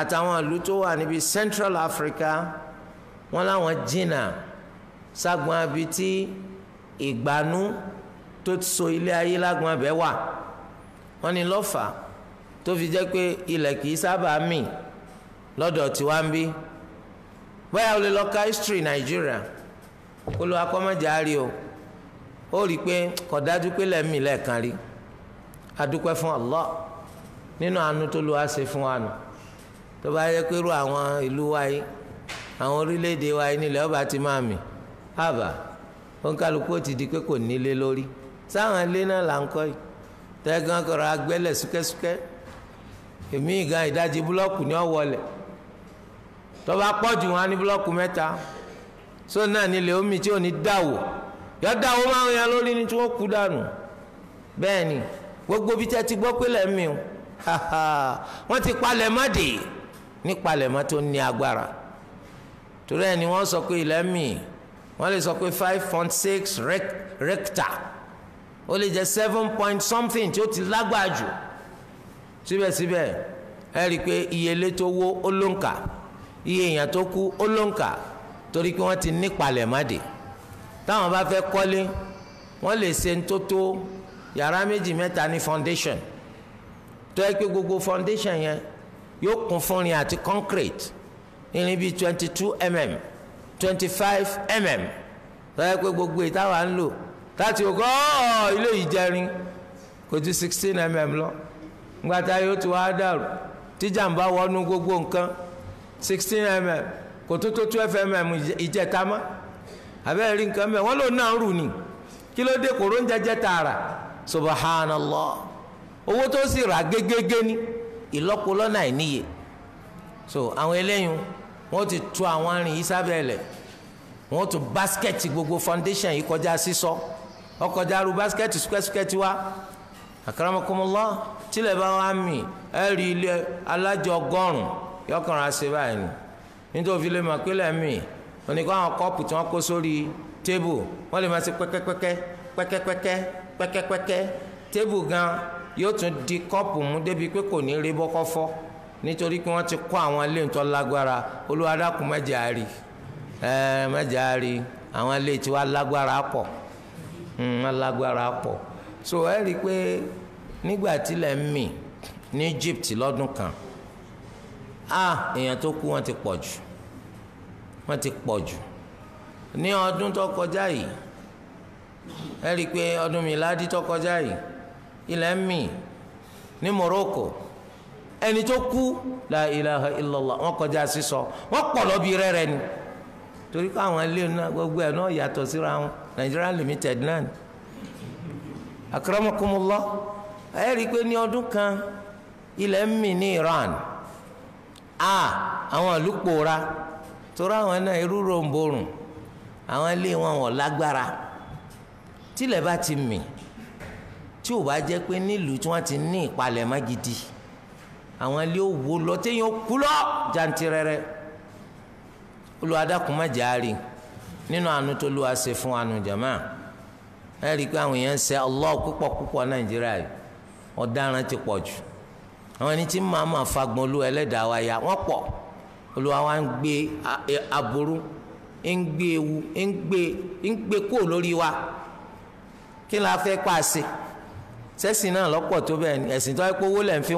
àtàwọn ìlú tó wà níbi Central Africa wọ́n láwọn jìnnà ságbọn abi tí ìgbanú tó so ilé ayé lágbọn abẹ́ wà wọ́n ní lọ́fàá tó fi jẹ́ pé ilẹ̀ kìí sábà mì lọ́dọ̀ tiwa ń bí bóyá o lè lọ ka history Nàìjíríà kó ló akọ́mọ́jà rí o ó rí i pé kò dájú pé lẹ́mìí lẹ́ẹ̀kan rí adúpẹ́ fún Allah nínú àánú tó lu àṣẹ fún wa nù tó bá yẹ pé irú àwọn ìlú wa yìí àwọn orílẹ̀-èdè wa nílẹ̀ ọba ti máa mì àbá ònkálukú ti di pé kò nílé lórí sáwọn ilé náà là ń kọ́ yìí tẹ́gàn kọ̀ọ̀rọ̀ agbẹ́lẹ̀ súkẹ́súkẹ́ èmi gan ìdajì búlọ́ọ̀kù ni ó wọlé tó bá pọ̀jù wọn á ní búlọ́ọ̀kù mẹ́ta só náà nílẹ̀ omi tí ò ní dáwò yọ dáwò máa ń yan lórí ni tí wọ́n kú dànù bẹ́ẹ̀ ni gbogbo bí tẹ́ ti gbọ́ pé lẹ́mìí o wọ́n ti palẹ̀ mọ́ dè ní palẹ̀ mọ́ tó ní agbára torí ẹni wọ́n sọ pé lẹ́mìí wọ́n lè sọ pé five point six recta ó lè jẹ́ seven point something tí ó ti lágbára jù síbẹ̀síbẹ̀ ẹ rí i pé iyelé tó wó ó ló ń kà iye èèyàn tó kú ó ló ń kà torí pé wọ́n ti nípalẹ̀ má dé táwọn bá fẹ́ kọ́lé wọ́n lè ṣe tó tó yàrá méjì mẹ́ta ní foundation tó yẹ pé gbogbo foundation yẹn yóò kún fún àti concrete irin bíi twenty two mm twenty five mm tó yẹ pé gbogbo ìtawà ń lò láti òkò ilé ìjẹrin kò ju sixteen mm lọ ngbata yóò ti wá dàrú tíjàmbá wọnú gbogbo nǹkan sixteen mm kò tó tó twelve mm ìjẹta mọ́ abẹ́rẹ́ rí nǹkan mẹ́ wọ́n lò náà ń rù ni kí ló dé kòró ń jẹjẹ tààrà subhanallah owó tó sì rà gégége ní ìlọ́po lọ́nà àìníye so àwọn eléyìí wọ́n ti tu àwọn arìn yìí wọ́n tún gbogbo foundation yìí kọjá sísọ ọkọjá ru sukẹ́sukẹ́tì wa akaramakomola tílẹ̀ bá wá mì ẹ rí ilé alájọ ọgọ́rùn yọkànra ṣe báyìí ni nítorí fi lè mọ̀ pé lẹ́mì oníkọ́ àwọn kọ́ọ̀pù tí wọ́n kó sórí tébù wọ́n lè máa ṣe pẹ́kẹ́pẹ́kẹ́ pẹ́kẹ́pẹ́kẹ́ pẹ́kẹ́pẹ́kẹ́ tébù gan yóò tún di kọ́ọ̀pù mú débi pé kò ní rí bọ́kọ́ fọ́ nítorí pé wọ́n ti kọ́ àwọn ilé ìtọ́ lágbára olúwa dákun àárí ẹ̀ẹ́d àárí àwọn ilé ìtiwá lágbára pọ̀ hmm, lágbára pọ̀ so ẹ rí i pé nígbà tílẹ̀ ń kan a ah, èèyàn tó kú wọn ti pọ̀ jù wọn ti pọ̀ jù ní ọdún tó kọjá yìí ẹ rí i pé ọdún kọjá yìí ilẹ̀ ń mì ní Morocco ẹni tó kú la ilaha illallah wọn kọjá sísọ wọn pọ̀ lọ́bi rẹ́rẹ́ ni torí ilé náà gbogbo Nigeria limited akramakumullah ẹ rí i pé ní ọdún kan ilẹ̀ ń mì ní Iran a àwọn ìlú pòórá torí àwọn náà irú ròǹbòrùn àwọn ilé wọn wọ̀ lágbára tílẹ̀ bá ti mì tí ò bá jẹ́ pé nílùú tí wọ́n ti ní ìpalẹ̀mọ́ gidi àwọn ilé òwò lọ téèyàn kú lọ jantirẹrẹ olùwàdàkùnmájà rí nínú àánú tó lù wá fún àánú jàmáà. ẹ rí pé àwọn èèyàn ń púpọ̀ púpọ̀ nàìjíríà ti pọ̀ jù àwọn ẹni tí màá fagbọn olú ẹlẹ́dàá wa ya wọ́n pọ̀ olúwa wa ń gbé e, aburú ń gbé ewu ń gbé ń gbé lórí wa kí la fẹ́ sẹ́sìn náà lọ́pọ̀ tó bẹ́ẹ̀ ni ẹ̀sìn tó ẹ owó lẹ̀ ń fi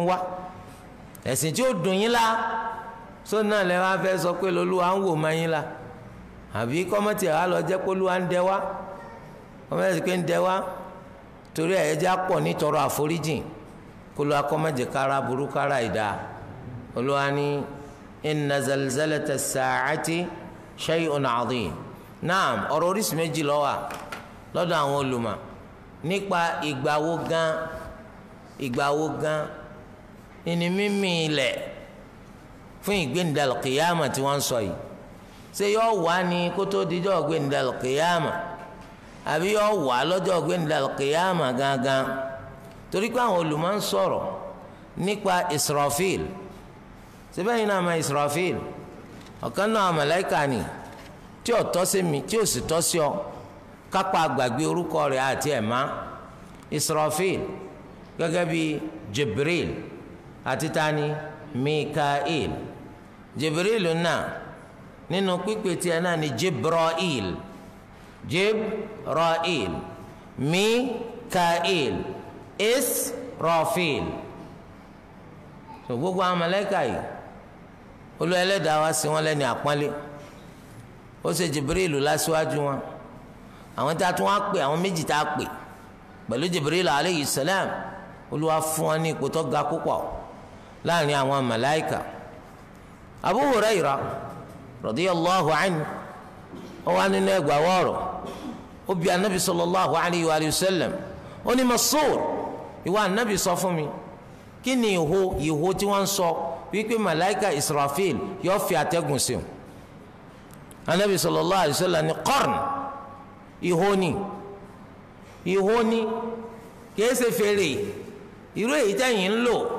la só náà fẹ́ sọ pé ń la àbí kọ́mọ́tì ẹ̀ wá lọ jẹ́ pé olúwa ń dẹ ọmọ ẹsẹ pé ń dẹ wá torí ẹ̀jẹ̀ pọ̀ nítorọ àforíjìn kó ló akọ́mọ̀jẹ̀ kára burúkú ara ìdá olúwa ní inna zalzalata sa'ati shay'un 'azim naam ọ̀rọ̀ oríṣi méjì ló wà lọ́dọ̀ àwọn olùmọ̀ nípa ìgbà wo gan ìgbà wo gan ìní mímì ilẹ̀ fún ìgbéǹdàlùkìyàmà tí wọ́n sọ yìí ṣé yóò wá ní kótó díjọ́ ìgbéǹdàlùkìyàmà. àbí yọ wà lọ́jọ́ gbẹ̀ndà kìyàmà gangan torí pé àwọn olùmọ̀ ń sọ̀rọ̀ nípa Israfil síbẹ̀ yìí náà ma Israfil ọ̀kan náà ni tí ò tọ́ sí mi tí ò sì tọ́ sí ọ kápá gbàgbé orúkọ rẹ̀ àti ẹ̀ma Israfil gẹ́gẹ́ bí Jibril àti tani Mikael Jibril náà nínú tiẹ̀ náà Jibra'il Mikail Israfil so gbogbo àwọn màláíkà yìí olú ẹlẹ́dàá wa sí wọn lẹ́ni àpọ́nlé ó ṣe Jibril lásìwájú wọn àwọn tá a tún wá pè àwọn méjì tá a pè pẹ̀lú Jibril aleyhi salam olúwa fún wọn ní ipò tó ga láàrin àwọn radiyallahu ó wà nínú ó bi anabi sallallahu alayhi wa sallam ó ní masoor ìwà anabi sọ fún mi kí ni ìhó ìhó tí wọ́n ń sọ wípé malaika israfil yóò fi àtẹ̀gùn sí o anabi sallallahu alayhi wa sallam ní qarn ìhó ni ìhó ni kìí ṣe fèrè irú èyí tẹ̀yìn ń lò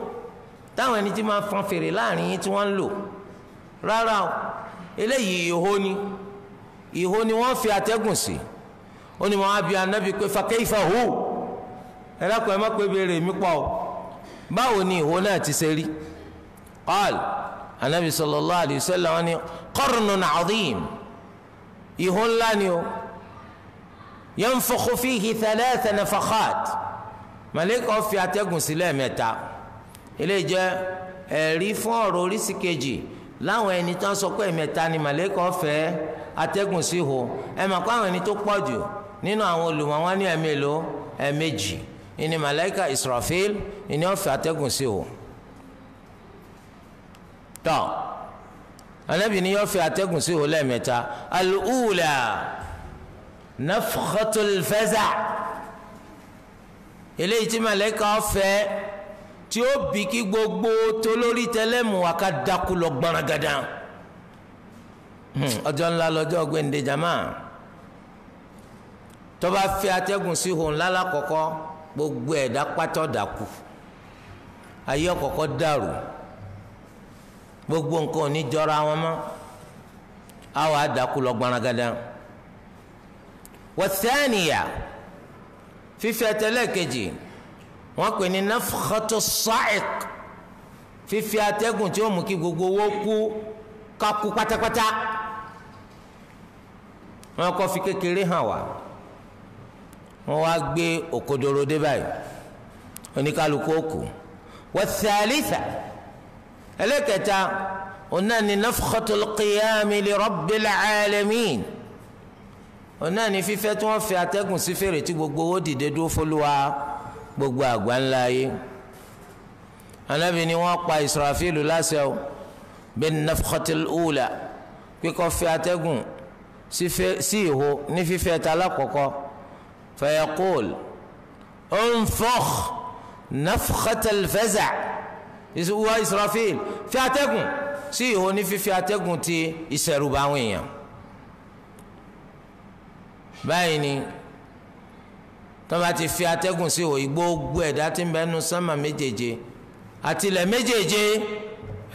táwọn ẹni tí máa fọn fèrè láàrin yín tí wọ́n ń lò rárá o eléyìí ìhó ni ìhó ni wọ́n fi àtẹ̀gùn sí. Si ó ní mo á bi anabi pé fakeifa hu ẹ dákun ẹ má pé béèrè mi pọ̀ o báwo ni ìhó náà ti ṣe rí qal anabi sallallahu alayhi wa sallam wọ́n ní qarnun azim ìhó ńlá ni o yanfukhu fihi thalatha nafakhat màlẹ́kà ó fi atẹ́gùn sílẹ̀ mẹ́ta ilé jẹ́ ẹ̀rí fún ọ̀rọ̀ oríṣi kejì láwọn ẹni tó ń sọ pé ẹ̀mẹ́ta ni màlẹ́kà ó fẹ́ sí ihò ẹ̀ mà kó àwọn ẹni tó pọ̀ jù nínú àwọn olùmọ̀ wọn ní ẹ̀mí èlò ẹ̀mẹ́jì ìní màláìka Israfil ìní ọ̀fẹ́ atẹ́gùn sí o tọ́ anabi ni yọ̀fẹ́ atẹ́gùn sí o lẹ́ẹ̀mẹ́ta al-ula nafkhatul faza eléyìí tí màláìka ọ̀fẹ́ tí ó bì kí gbogbo tó lórí tẹlẹ́mù wa dákú lọ gbọ́nrán gàdán hmm, ńlá lọ́jọ́ gbẹ̀ǹdẹ̀ jama. Hmm tó bá fẹ́ atẹ́gùn sí ihò ńlá lákọ̀ọ́kọ́ gbogbo ẹ̀dá pátá dàkú ayé ọ̀kọ̀ọ̀kọ́ dàrú gbogbo nǹkan ò ní jọra wọn mọ́ àwọn àdàkú lọ gbaragada wọ́tẹ́ẹ̀nìyà fífẹ́ tẹ́lẹ̀ kejì wọ́n pè ní nafkhato sa'iq fífi atẹ́gùn tí ó mú kí gbogbo owó kú kakú pátápátá wọ́n kọ́ fi kékeré hàn wá wọ́n wá gbé òkodoro dé báyìí oníkálukú òkú wàsálísà ẹlẹ́kẹta ọ̀nà ni nafkhatul qiyami li rabbil alamin ọ̀nà ni fífẹ́ tí wọ́n fi atẹ́gùn sí fèrè tí gbogbo owó dìde dúró fọlùwà gbogbo àgbáńlá yé anabi ni wọ́n pa Israfilu láṣẹ o bin nafkhatul ula kíkọ́ fi atẹ́gùn sí ìhó ní fífẹ́ ta lákọ̀ọ́kọ́. فيقول انفخ نفخة الفزع هو إسرافيل في أتقن sí ìhòòhò ní fífi atẹ́gùn ti ìṣẹ̀rùbà àwọn èèyàn báyìí ni tó bá ti fi atẹ́gùn sí ìhòòhò gbogbo ẹ̀dá tí ń bẹ nu sánmà méjèèje àtìlẹ̀ méjèèje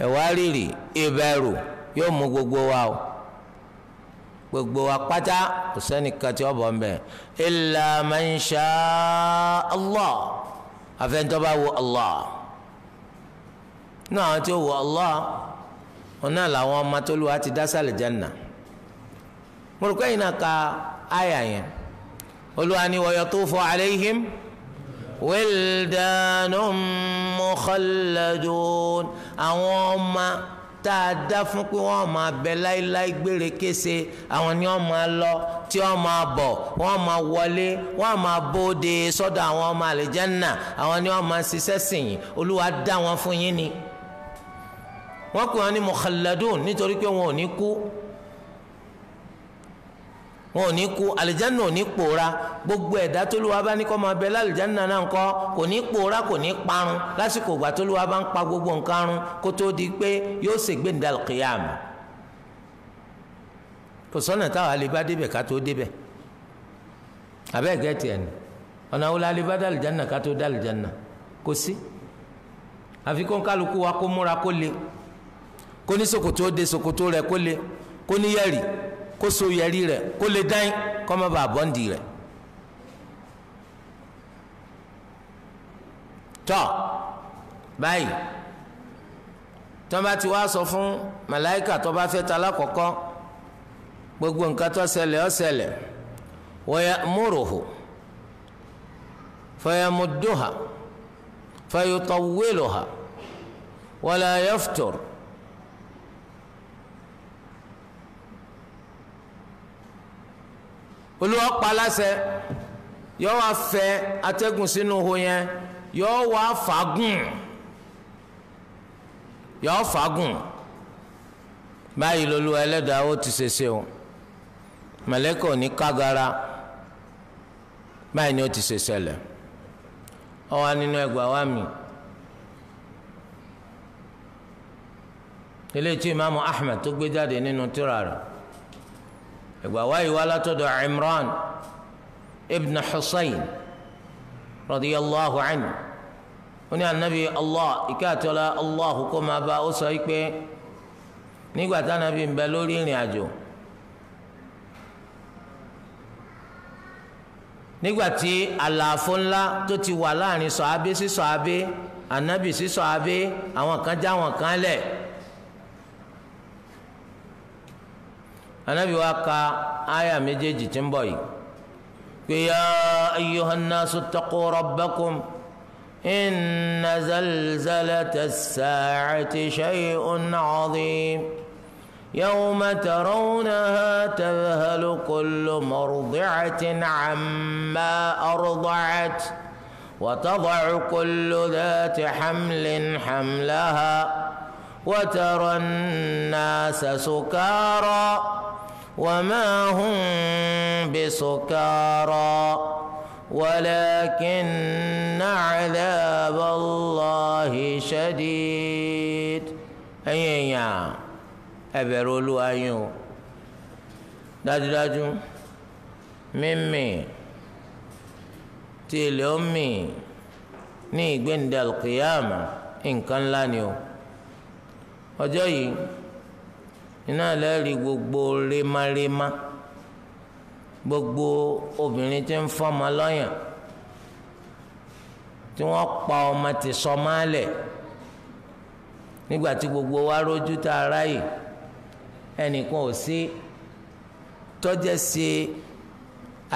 ẹ̀wá rírì ìbẹ̀rù yóò mú gbogbo wa o gbogbo apáta kò sẹ́nìkan tí ó bọ̀ mbẹ́ illa man sha Allah afẹ́ntọ́ba wo Allah náà àwọn tí ó wo Allah wọn náà làwọn ọmọ tó lù ti dá sálẹ̀ janna mo yìí náà ka àyà yẹn olúwa ni wa yatufu alayhim wildanum mukhalladun àwọn ọmọ tá a dá fún pé wọ́n máa bẹ láéláé gbére kése àwọn ni wọ́n máa lọ tí wọ́n máa bọ̀ wọ́n máa wọlé wọ́n máa bóde sọ́dọ̀ àwọn ọmọ àlìjánná àwọn ni wọ́n máa ṣiṣẹ́ sìn yín olúwa dá wọn fún yín ni wọ́n pè wọ́n ní mukhalladun nítorí pé wọn ò ní kú wọn ò ní kú àlìjáná ò ní pòórá gbogbo ẹ̀dá t'Olúwa bá ní kó máa bẹ lálìjáná náà ńkọ́ kò ní pòórá kò ní parun lásìkò ìgbà t'Olúwa bá ń pa gbogbo nǹkan run kó tó di pé yóò ṣègbè ní dàlùkìyàmù kò sọ́nà táwọn àlebá débẹ̀ ká tó débẹ̀ abẹ́ gẹ́tì ẹ̀ ni ọ̀nà àwọn àlebá dàlìjáná ká tó dàlìjáná kò sí àfi kálukú wa kó múra kó le kó ní ṣòkòtò dé ṣòkòtò rẹ̀ kó le kó ní yẹ̀rì kó so yẹrí rẹ̀ kó lè dáín kó má bàa bọ́ǹdì rẹ̀. tọ́ báyìí tó bá ti wá sọ fún màláìkà tó fẹ́ ta lákọ̀ọ́kọ́ gbogbo nǹkan tó ṣẹlẹ̀ ó ṣẹlẹ̀ wa ya'muruhu fayamudduha fayutawwiluha wala yaftur. olúwa pa láṣẹ yọ wá fẹ́ atẹ́gùn sínú ihò yẹn yọ wá fagùn yọ fagùn báyìí lolúwa ẹlẹ́dàá ó ti ṣe ṣe o mẹ̀lẹ́kọ̀ ní kágara báyìí ni ó ti ṣe ṣẹlẹ̀ ó nínú ẹgbàá wa mi eléyìí tí imaamu Ahmed tó gbé jáde nínú tírà rẹ̀. ìgbà wáyé wá látọ̀dọ̀ Imran ibn Husayn radiyallahu anhu oní anabi allah ìkàtọ́lá allah kó máa bá ó sọ pé nígbà tánabi ń bẹ lórí ìrìn àjò nígbà tí àlàfo ńlá tó ti wà láàrin sọ̀hábé sí sọ̀hábé anabi sí sọ̀hábé àwọn kan já àwọn kan lẹ̀. anabi wa ka aya méjèèjì tí ń bọ̀ yìí pé ya ayyuhan nasu taqu rabbakum inna zalzalata as-sa'ati shay'un 'azim yawma tarawnaha tadhhalu kullu mardi'atin 'amma arda'at وتضع كل ذات حمل حملها وترى الناس سكارى وما هم بسكارى ولكن عذاب الله شديد ẹ̀yin èèyàn ẹ bẹ̀rù Olúwa yín o dájúdájú mímì tí ilẹ̀ ó mì ní ìgbéǹde alqiyama nǹkan ńlá ni o ọjọ́ yìí iná lẹ́rìí gbogbo rémárémá gbogbo obìnrin tí ń fọmọ lọ́yàn tí wọ́n pa ọmọ ti sọ máàlẹ̀ nígbà tí gbogbo wa rójú tá a ráyè ẹnìkan ò sí tọ́jẹ́ sí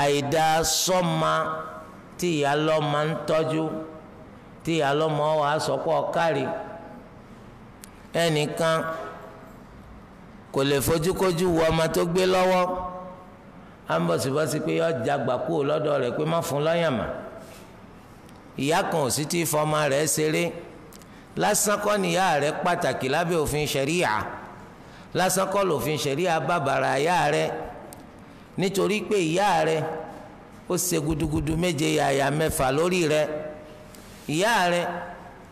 àìdá sọ́ma tí ìyá lọ́mọ ń tọ́jú tí ìyá lọ́mọ wàá sọ́kọ́ kárí ẹnìkan kò lè fojúkojú wo ọmọ tó gbé lọ́wọ́ ambọ̀sibọ́sí pé yọ jagbà kúrò lọ́dọ̀ rẹ̀ pé má fún lọ́yàmà ìyá kan ò sì ti fọmọ rẹ̀ ṣeré lásán kọ́ níyà rẹ̀ pàtàkì lábẹ́ òfin ṣẹ̀ríà lásán kọ́ lòfin ṣẹ̀ríà bàbàrà ìyá rẹ̀ nítorí pé ìyá rẹ̀ ó ṣe gudugudu méje yàyà mẹ́fà lórí rẹ̀ ìyá rẹ̀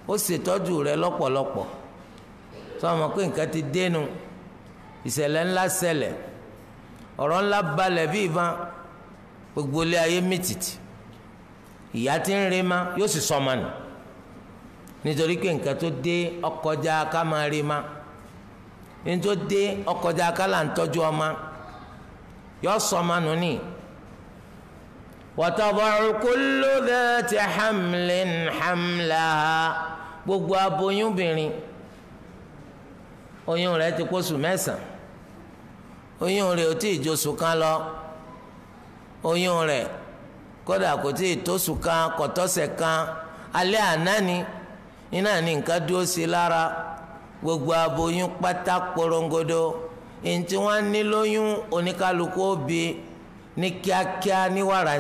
ó ṣètọ́jú rẹ̀ lọ́pọ̀lọpọ̀ sọ ma pé nǹkan ti dénú ìṣẹ̀lẹ̀ ńlá ṣẹlẹ̀ ọ̀rọ̀ ńlá balẹ̀ bí ìbọn gbogbo ilé ayé mìtìtì ìyá tí ń rema yóò sì sọmọ nù nítorí pé nǹkan tó dé ọkọjà ká máa rema ní tó dé ọkọjà ká là ń tọ́jú ọmọ yóò sọmọ nù ní. وتضع كل ذات حمل حملها gbogbo aboyún obìnrin oyún rẹ̀ ti pósù mẹ́sàn-án oyún rẹ̀ ò tí ì jóṣù kan lọ oyún rẹ̀ kódà kò tí ì tóṣù kan kọ̀tọ́sẹ̀ kan alẹ́ àná ni iná ní nǹkan dúró sí lára gbogbo aboyún pátá korongodo ntí wọ́n ní lóyún oníkálukú òbí ní kíákíá ní wàrà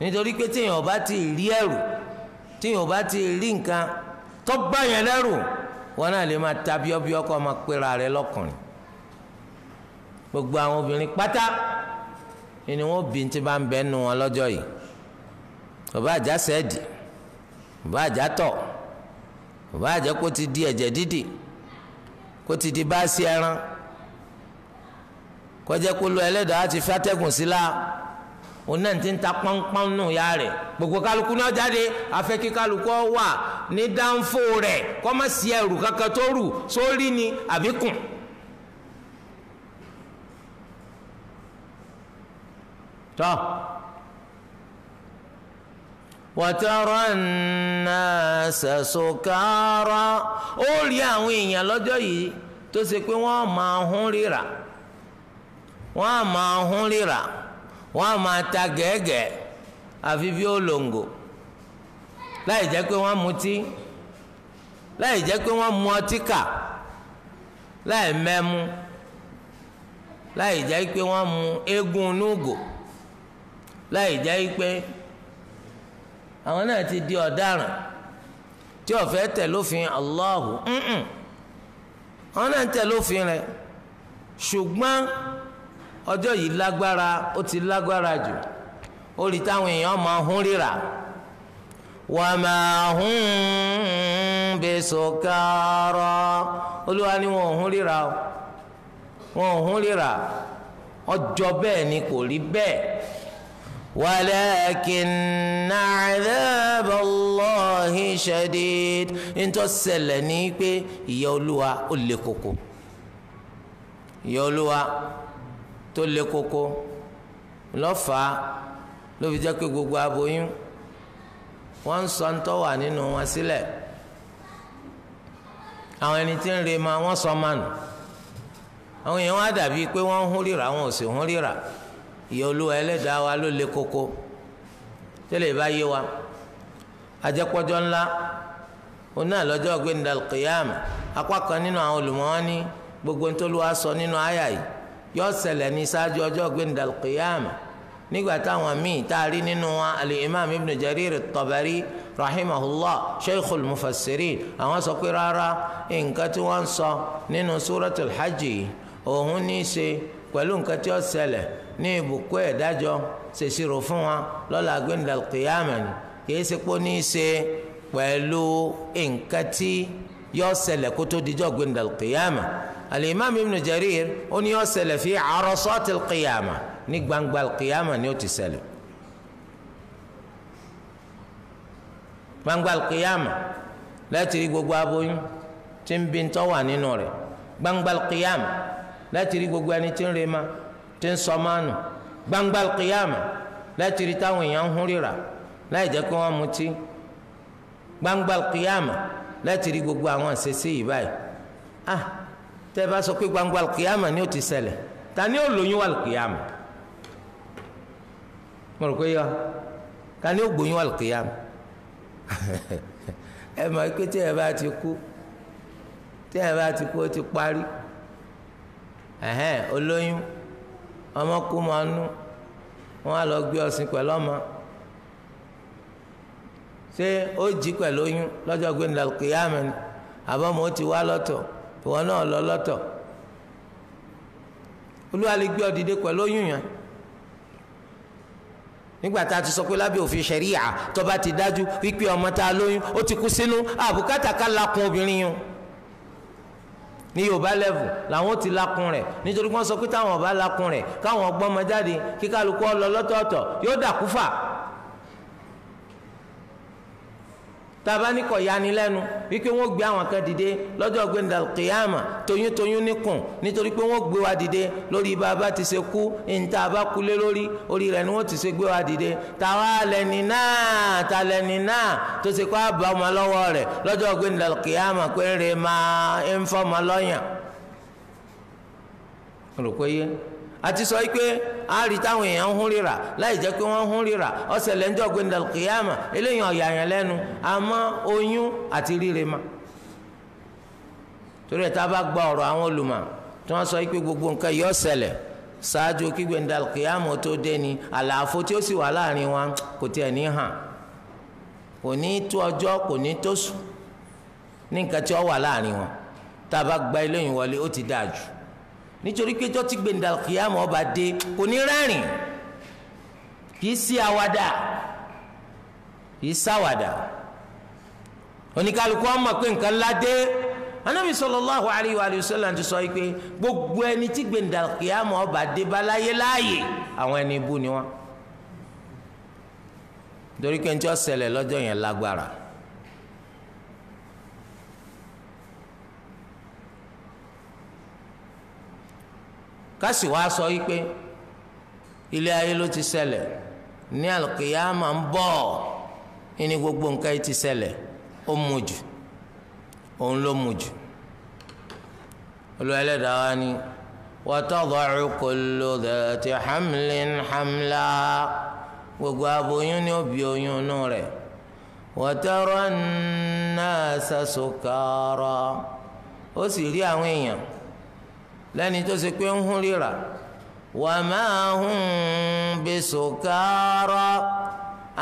nítorí pé tíyàn bá ti rí ẹrù tíyàn bá ti rí nǹkan tó gbà yẹn lẹ́rù wọn náà lè máa ta bíọ́bíọ́ kọ́ máa pera rẹ lọ́kùnrin gbogbo àwọn obìnrin pátá ni wọn bí ti bá ń bẹ nu wọn lọ́jọ́ yìí bàbá àjà sẹ́ẹ̀dì bàbá àjà tọ̀ bàbá àjà kó ti di ẹ̀jẹ̀ dídì kó ti di báàsì ẹran kọjá kó lo ẹlẹ́dàá ti fẹ́ atẹ́gùn sí òun náà ti ń ta pọ́npọ́n nù ya rẹ̀ gbogbo kálukú náà jáde afẹ́ kí kálukú wà ní dáńfó rẹ̀ kọ́ má sí ẹrù kankan tó rù sórí ni àbíkùn. tọ́ wọ́tọ́rọ́ náà sẹ̀sọ̀kárọ́ ó rí àwọn èèyàn lọ́jọ́ yìí tó ṣe pé wọ́n máa hún ríra wọ́n máa hún ríra. wọ́n á máa ta gẹ́gẹ́ àfi bí olóńgò láì jẹ́ pé wọ́n mutí láì jẹ́ pé wọ́n mu ọtí kà láì mẹ́mu láì jẹ́ pé wọ́n mu eégún núgò láì jẹ́ pé àwọn náà ti di ọ̀daràn tí ó fẹ́ tẹ̀ lófin Allahu àwọn náà ń tẹ̀ lófin rẹ̀ ṣùgbọ́n. ọjọ́ yìí lágbára ó ti lágbára jù ó rí táwọn èèyàn máa hún ríra wà máa hún bẹ́sọ̀kárọ̀ olúwa ni wọn ò hún ríra o wọn ò hún ríra ọjọ́ bẹ́ẹ̀ ni kò rí bẹ́ẹ̀ walakinna adhaballahi shadid nítorí ṣẹlẹ̀ ní pé ìyà olúwa ó le koko ìyà olúwa tó le koko lọ́fàá ló fi jẹ́ pé gbogbo aboyún wọ́n ń sọ ńtọ́ wà nínú wọn sílẹ̀ àwọn ẹni tí ń re ma wọ́n sọ mánu àwọn èèyàn wá dàbí pé wọ́n ń hún ríra wọn ò sì hún ríra ìyá olúwa ẹlẹ́dàá wa ló le koko tẹ́lẹ̀ bá yé wa ajẹ́pọ́jọ́ ńlá òun náà lọ́jọ́ gbẹ̀ndàlùkìyàmù apá kan nínú àwọn olùmọ̀ọ́ ní gbogbo ntòlúwa sọ nínú àyà yìí yóò ṣẹlẹ̀ ní sáájú ọjọ́ gbẹ̀ndà al-qiyama nígbà táwọn míì tá a rí nínú wọn al-imam ibn jarir at-tabari rahimahullah sheikhul mufassirin àwọn sọ pé rárá nǹkan tí wọ́n ń sọ nínú suratul hajj òun ní í ṣe pẹ̀lú nǹkan tí ó ṣẹlẹ̀ ní ibùkún ẹ̀dájọ́ ṣèṣirò fún wa lọ́la gbẹ̀ndà al kìí ṣe pé ní í ṣe pẹ̀lú nǹkan tí yóò ṣẹlẹ̀ kó tó dijọ́ gbẹ̀ndà alimami ibn jarir ó ní ó ṣẹlẹ̀ fi arọ́sọ́tì qiyama ní gbangba qiyama ni ó ti ṣẹlẹ̀ gbangba qiyama láti rí gbogbo aboyún tí ń bí ń tọ́ wà nínú rẹ̀ gbangba qiyama láti rí gbogbo ẹni tí ń rema tí ń sọ mánu gbangba qiyama láti táwọn èèyàn ń hún láì jẹ́ kí wọ́n mutí gbangba qiyama láti gbogbo àwọn àṣẹṣe yìí báyìí ah, tẹ́ bá sọ pé gbangba alkiyama ni ó ti ṣẹlẹ̀ ta ni ó lóyún alkiyama mo rò pé yọ ta ni ó gbóyún alkiyama ẹ mọ̀ pé tí ẹ bá ti kú tí ẹ bá ti kú ó ti parí ẹ̀hẹ́n olóyún ọmọ kú mọ́ nú wọ́n á lọ gbé ọsìn pẹ̀lú ọmọ ṣé ó jí pẹ̀lú oyún lọ́jọ́ gbẹ̀ndàlùkìyàmẹ́ ni àbọ̀mọ́ ó ti wá lọ́tọ̀ ìwọ náà lọ lọ́tọ̀ olúwa lè gbé ọ dìde pẹ̀lú oyún yẹn nígbà tá a ti sọ pé lábẹ́ òfin ṣẹ̀ríyà tó bá ti dájú wípé ọmọ tá a lóyún ó ti kú sínú àbùkátà ká lakùn obìnrin yẹn ní yorùbá lẹ́vù làwọn ti lakun rẹ̀ nítorí wọ́n sọ pé táwọn ọba lakun rẹ̀ káwọn ọgbọ́n jáde kí kálukú yóò dàkú fà tabani kọ yanilẹ́nu wípé wọ́n gbé àwọn kan dìde lọ́jọ́ gbẹndà kìyàmà toyúntoyún nìkùn nítorí pé wọ́n gbé wa dìde lórí bàbá ti ṣe kú níta bá kulé lórí orí rẹ̀ ni wọ́n ti ṣe gbé wa dìde tàwa lẹni náà ta lẹni náà tó ṣe kó àbá ọmọ lọ́wọ́ rẹ̀ lọ́jọ́ gbẹndà kìyàmà pé rè máa ń fọmọ lọ́yàn. olùkọ́ yẹn àti sọ pé àárí táwọn èèyàn ń hún ríra láì jẹ́ pé wọ́n ń hún ríra ọ̀sẹ̀ lẹ́ńjọ́ gbẹ̀ndàl kìyàmà eléyìí ọ̀yà yẹn lẹ́nu àmọ́ oyún àti ríre ma torí ẹ̀ tá a bá gba ọ̀rọ̀ àwọn olùmọ̀ tí wọ́n sọ pé gbogbo nǹkan yóò ṣẹlẹ̀ ṣáájú kí gbẹ̀ndàl kìyàmà tó dé ni àlàáfó tí ó sì wà láàrin wọn kò tiẹ̀ ní hàn kò ní tó ọjọ́ kò ní tó sùn ní nǹkan tí ó wà láàrin wọn tá a bá gba eléyìí wọlé ó ti dáa jù nítorí pé jọ́tí gbẹ̀ndàkìyàmù ọba dé kò ní rẹ́rìn kìí sí àwàdà kìí sáwàdà oníkálukú ọmọ pé nǹkan ńlá dé anabi sallallahu alayhi wa sallam ti sọ yìí pé gbogbo ẹni tí gbẹ̀ndàkìyàmù ọba dé bá láyé láàyè àwọn ẹni bú ni wọn torí pé ń tí ó ṣẹlẹ̀ lọ́jọ́ yẹn lágbára. kásì wá sọ yìí pé ilé ayé ló ti ṣẹlẹ̀ ní àlùkìyámà ń bọ̀ ní gbogbo nǹkan yìí ti ṣẹlẹ̀ ó mu jù òun ló mu jù olùwẹ̀lẹ́dàá wa ni wa tada'u kullu hamlin hamla gbogbo aboyún ni ó oyún inú rẹ̀ wa tara an ó sì rí àwọn èèyàn lẹ́ni tó ṣe pé ń hún ríra wà máa hún bisukara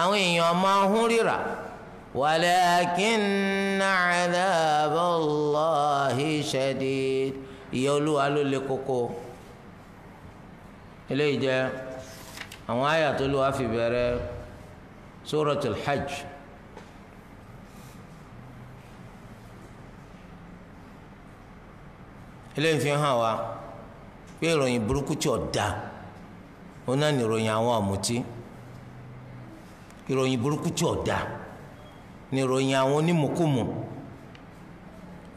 àwọn èèyàn máa hún ríra walakinna adaballahi shadid ìyà olúwa ló le koko eléyìí jẹ́ àwọn àyà tó fi bẹ̀rẹ̀ suratul hajj. eléyìí fi hàn wá pé ìròyìn burúkú tí ọ̀dà ó náà ní ìròyìn àwọn ọ̀mùtí ìròyìn burúkú tí ọ̀dà ní ìròyìn àwọn onímùkùmù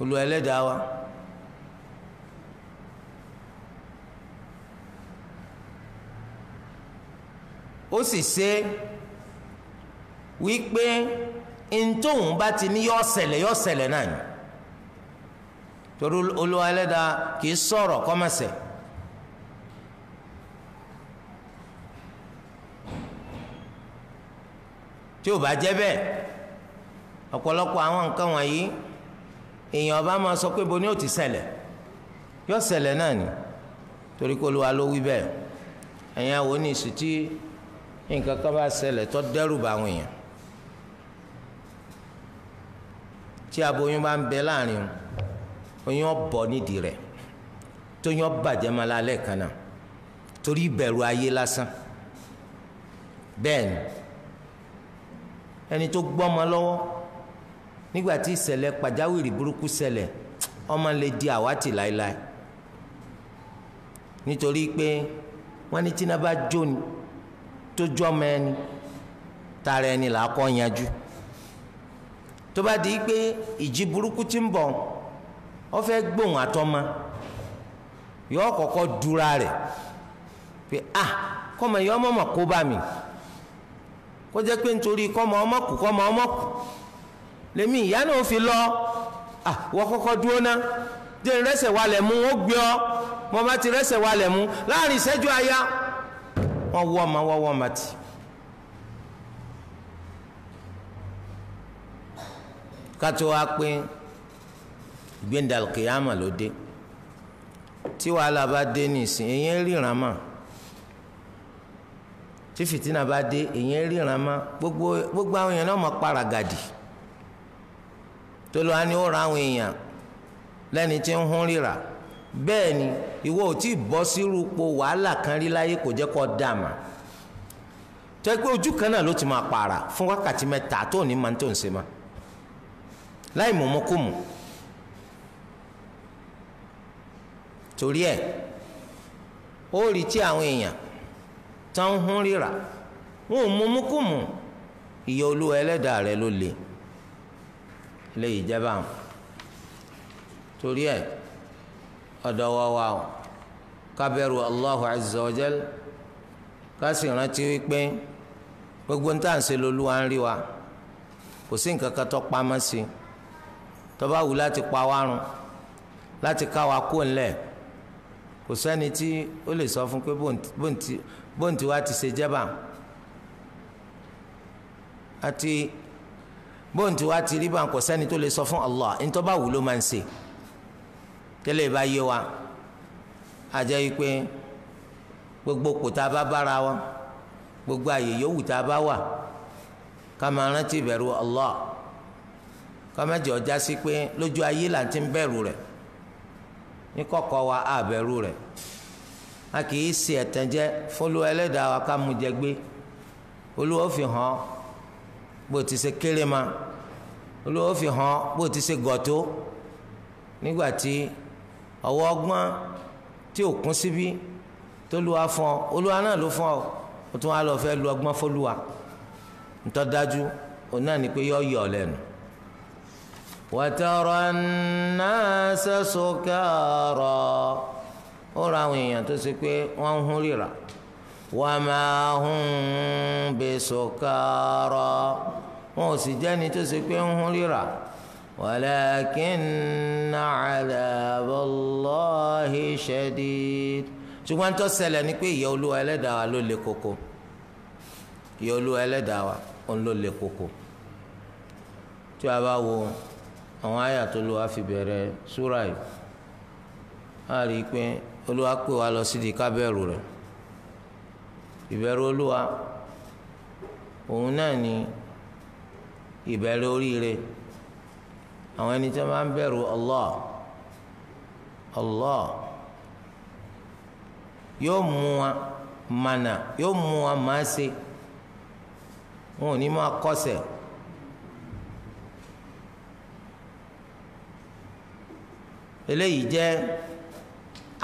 olú ẹlẹ́dàá wa. ó sì ṣe wípé ntòun torí olúwa ẹlẹ́dàá kì í sọ̀rọ̀ kọ́mọ̀sẹ̀. tí ò bá jẹ́ bẹ́ẹ̀ ọ̀pọ̀lọpọ̀ àwọn nǹkan wọ̀nyí èèyàn ọba máa sọ pé bo ni ó ti ṣẹlẹ̀ yóò ṣẹlẹ̀ náà ni torí kó olúwa ló wí bẹ́ẹ̀ ẹ̀yin àwọn oníṣù tí nǹkan kan bá ṣẹlẹ̀ tó dẹ́rù bá àwọn èèyàn tí aboyún bá ń bẹ láàrin wọn oyin ọbọ nídìí rẹ̀ tóyin ọbàjẹ́ máa la alẹ́ kan náà torí ìbẹ̀rù ayé lásán bẹ́ẹ̀ ẹni tó gbọ́mọ lọ́wọ́ nígbà tí ìṣẹ̀lẹ̀ pàjáwìrì burúkú ṣẹlẹ̀ ọmọ lè di àwátì láéláé nítorí pé wọ́n ní tí iná bá jó ni tó jọ́ ọmọ ẹni tara ẹni là á kọ́ yanjú tó bá di pé ìjì burúkú ti ń bọ̀ ọ́n wọ́n fẹ́ gbóhùn àtọ́mọ yọ kọ́kọ́ dúra rẹ̀ pé ah kọ́mọ yọ ọmọ mọ̀ kó bá mi kó jẹ́ pé nítorí kọ́mọ ọmọ kù kọ́mọ ọmọ kù lèmi ìyá náà fi lọ ah wọ́n kọ́kọ́ dúró ná dé rẹ́sẹ̀ walẹ̀ mú ó gbé ọ mo bá ti rẹ́sẹ̀ walẹ̀ mú láàrin ìṣẹ́jú àyá wọ́n wọ́ ọmọ wọ́n wọ́ ọmọ tì. kátó wá pé ìgbéǹda kìyàmà ló dé tí wàhálà bá dé nìsín èyàn ríran mà tí fìtínà bá dé èyàn ríran mà gbogbo gbogbo àwọn èèyàn náà mọ paragàdì tó lọ á ó ra àwọn èèyàn lẹ́ni tí ń hún ríra bẹ́ẹ̀ ni ìwọ ò tí ì bọ́ sírú po wàhálà kan rí láyé kò jẹ́ kó dà mà tẹ́ pé ojú kan náà ló ti máa para fún wákàtí mẹ́ta tó ní máa tó ń ṣe mà láì mọ̀mọ́kùmù. torí ẹ̀ ó rí tí àwọn èèyàn tán ń hún ríra wọn ò mú múkùmù ìyà olúwa ẹlẹ́dàá rẹ ló le lè jẹba àwọn torí ẹ̀ ọ̀dọ̀ wa wa o ká bẹ̀rù Allahu azza wa jal ká sì rántí wípé gbogbo ń tà ń ṣe lolúwa ń rí wa kò sí nǹkan kan tó pamọ́ sí tó wù láti pa wá láti ká wa kó ńlẹ̀ kò sẹ́ni tí ó lè sọ fún pé bóńtì wa ti ṣe jẹ́bà àti bóńtì wa ti rí bá kò sẹ́ni tó lè sọ fún Allah ntọ́ba wù ló máa ń ṣe tẹ́lẹ̀ bá yé wa àjẹ́ yìí pé gbogbo kò tá a bá bára wa gbogbo àyè yòówù tá a bá wà ká máa rántí ìbẹ̀rù Allah ká má jẹ́ ọjà sí pé lójú ayé là ń ti bẹ̀rù rẹ̀ ní kọ̀kọ̀ wa àbẹ̀rù rẹ̀ a kì í ṣe ẹ̀tànjẹ fọlọ́ ẹlẹ́dàá wa ká mú jẹ gbé olúwa fi hàn bó ti ṣe kéré ma olúwa fi hàn bó ti ṣe gọ̀tó nígbà tí ọwọ́ ọgbọ́n tí ò kún síbí tó lu afọ olúwa náà ló fọ o tún wá lọ fẹ́ lu ọgbọ́n fọlúwa ntọ́ dájú òun náà ni pé yọ yọ lẹ́nu wàtàrà náà sẹ́sọ kárọ̀ ó ra àwọn èèyàn tó ṣe pé wọ́n ń hún ríra wà máa hún bẹ́sọ kárọ̀ wọn ò sì jẹ́ni tó ṣe pé ń hún ríra wàlákìn àdàbọ̀lọ́hì ṣẹ́dí. ṣùgbọ́n tó ṣẹlẹ̀ ni pé ìyà olúwa ẹlẹ́dàá ló le koko ìyà olúwa ẹlẹ́dàá ló le koko tí a bá wo. àwọn àyà tó lò wá fi bẹ̀rẹ̀ súra yìí a rí i pé olúwa pè wá lọ sí di kábẹ́rù rẹ̀ ìbẹ̀rù olúwa òun náà ni ìbẹ̀rù oríire àwọn ẹni tí máa ń bẹ̀rù Allah Allah yóò mú wa mànà yóò mú wa màá ṣe wọn ò ní máa kọsẹ̀. eléyìí jẹ́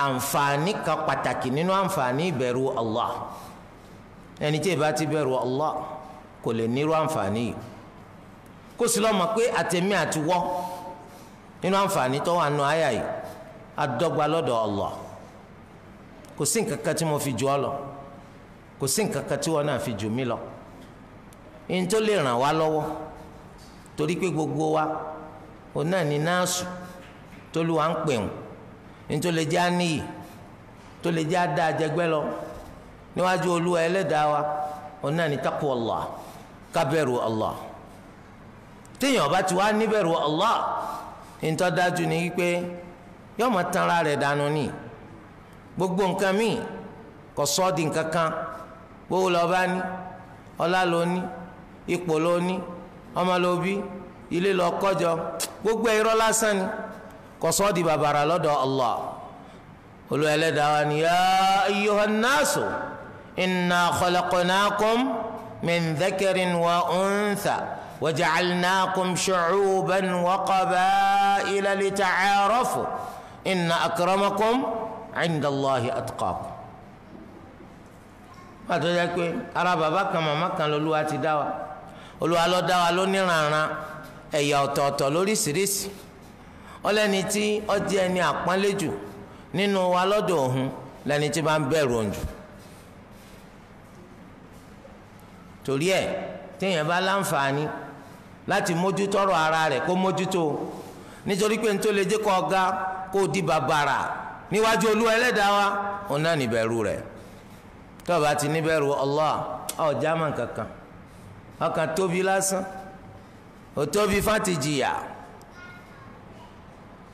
àǹfààní kan pàtàkì nínú àǹfààní ìbẹ̀rù Allah ẹni tí ìbá ti bẹ̀rù Allah kò lè nírú àǹfààní yìí kó sì lọ́ọ́ mọ̀ pé àtẹ̀mí àti wọ́ nínú àǹfààní tó wà nù àyà yìí adọ́gba lọ́dọ̀ Allah kò sí nǹkan tí mo fi jù ọ́ lọ kò sí nǹkan kan tí wọ́n náà fi jù mí lọ ní tó lè ràn wá lọ́wọ́ torí pé gbogbo wa o náà ní náà sùn toluwa ń pè wọn nítorí jẹ́ àníyì tó lè lọ níwájú olúwa ẹlẹ́dàá wa òun náà ní takò Allah kábẹ̀rù Allah téèyàn bá ti wá níbẹ̀rù Allah nítorí ni wípé yóò máa tanra rẹ̀ dànù ni gbogbo nǹkan mi kò nǹkan kan gbowó bá ní ọlá ló ní ipò ló ní ọmọ ló gbogbo lásán ni. kọsọ́ di bàbàrà lọ́dọ̀ Allah Olúwa Ẹlẹ́dàá wa ni ya ayyuhan nasu inna khalaqnakum min dhakarin wa untha wa ja'alnakum shu'uban wa qaba'ila lita'arafu inna akramakum 'inda Allahi atqakum. pàtó jẹ́ pé ara bàbá kan màmá kan lolúwa ti dá wa Olúwa ló dá wa lóníranran ẹ̀yà ọ̀tọ̀ọ̀tọ̀ lóríṣiríṣi ọlẹ́ni tí ọdí ẹni àpọ́nlé jù nínú wa lọ́dọ̀ òun lẹ́ni tí bá ń bẹ̀rù òun jù torí ẹ̀ téèyàn bá láǹfààní láti mójútọ́rọ̀ ara rẹ̀ kó mójútó nítorí pé nítorí lè jẹ́ kó ọ̀gá kó di bàbàrà níwájú olúwa ẹlẹ́dàá wa òun náà níbẹ̀rù rẹ̀ tó o bá ti níbẹ̀rù Allah ọ̀já mọ̀ kankan ọkàn tóbi lásán ò tóbi fáti jìyà.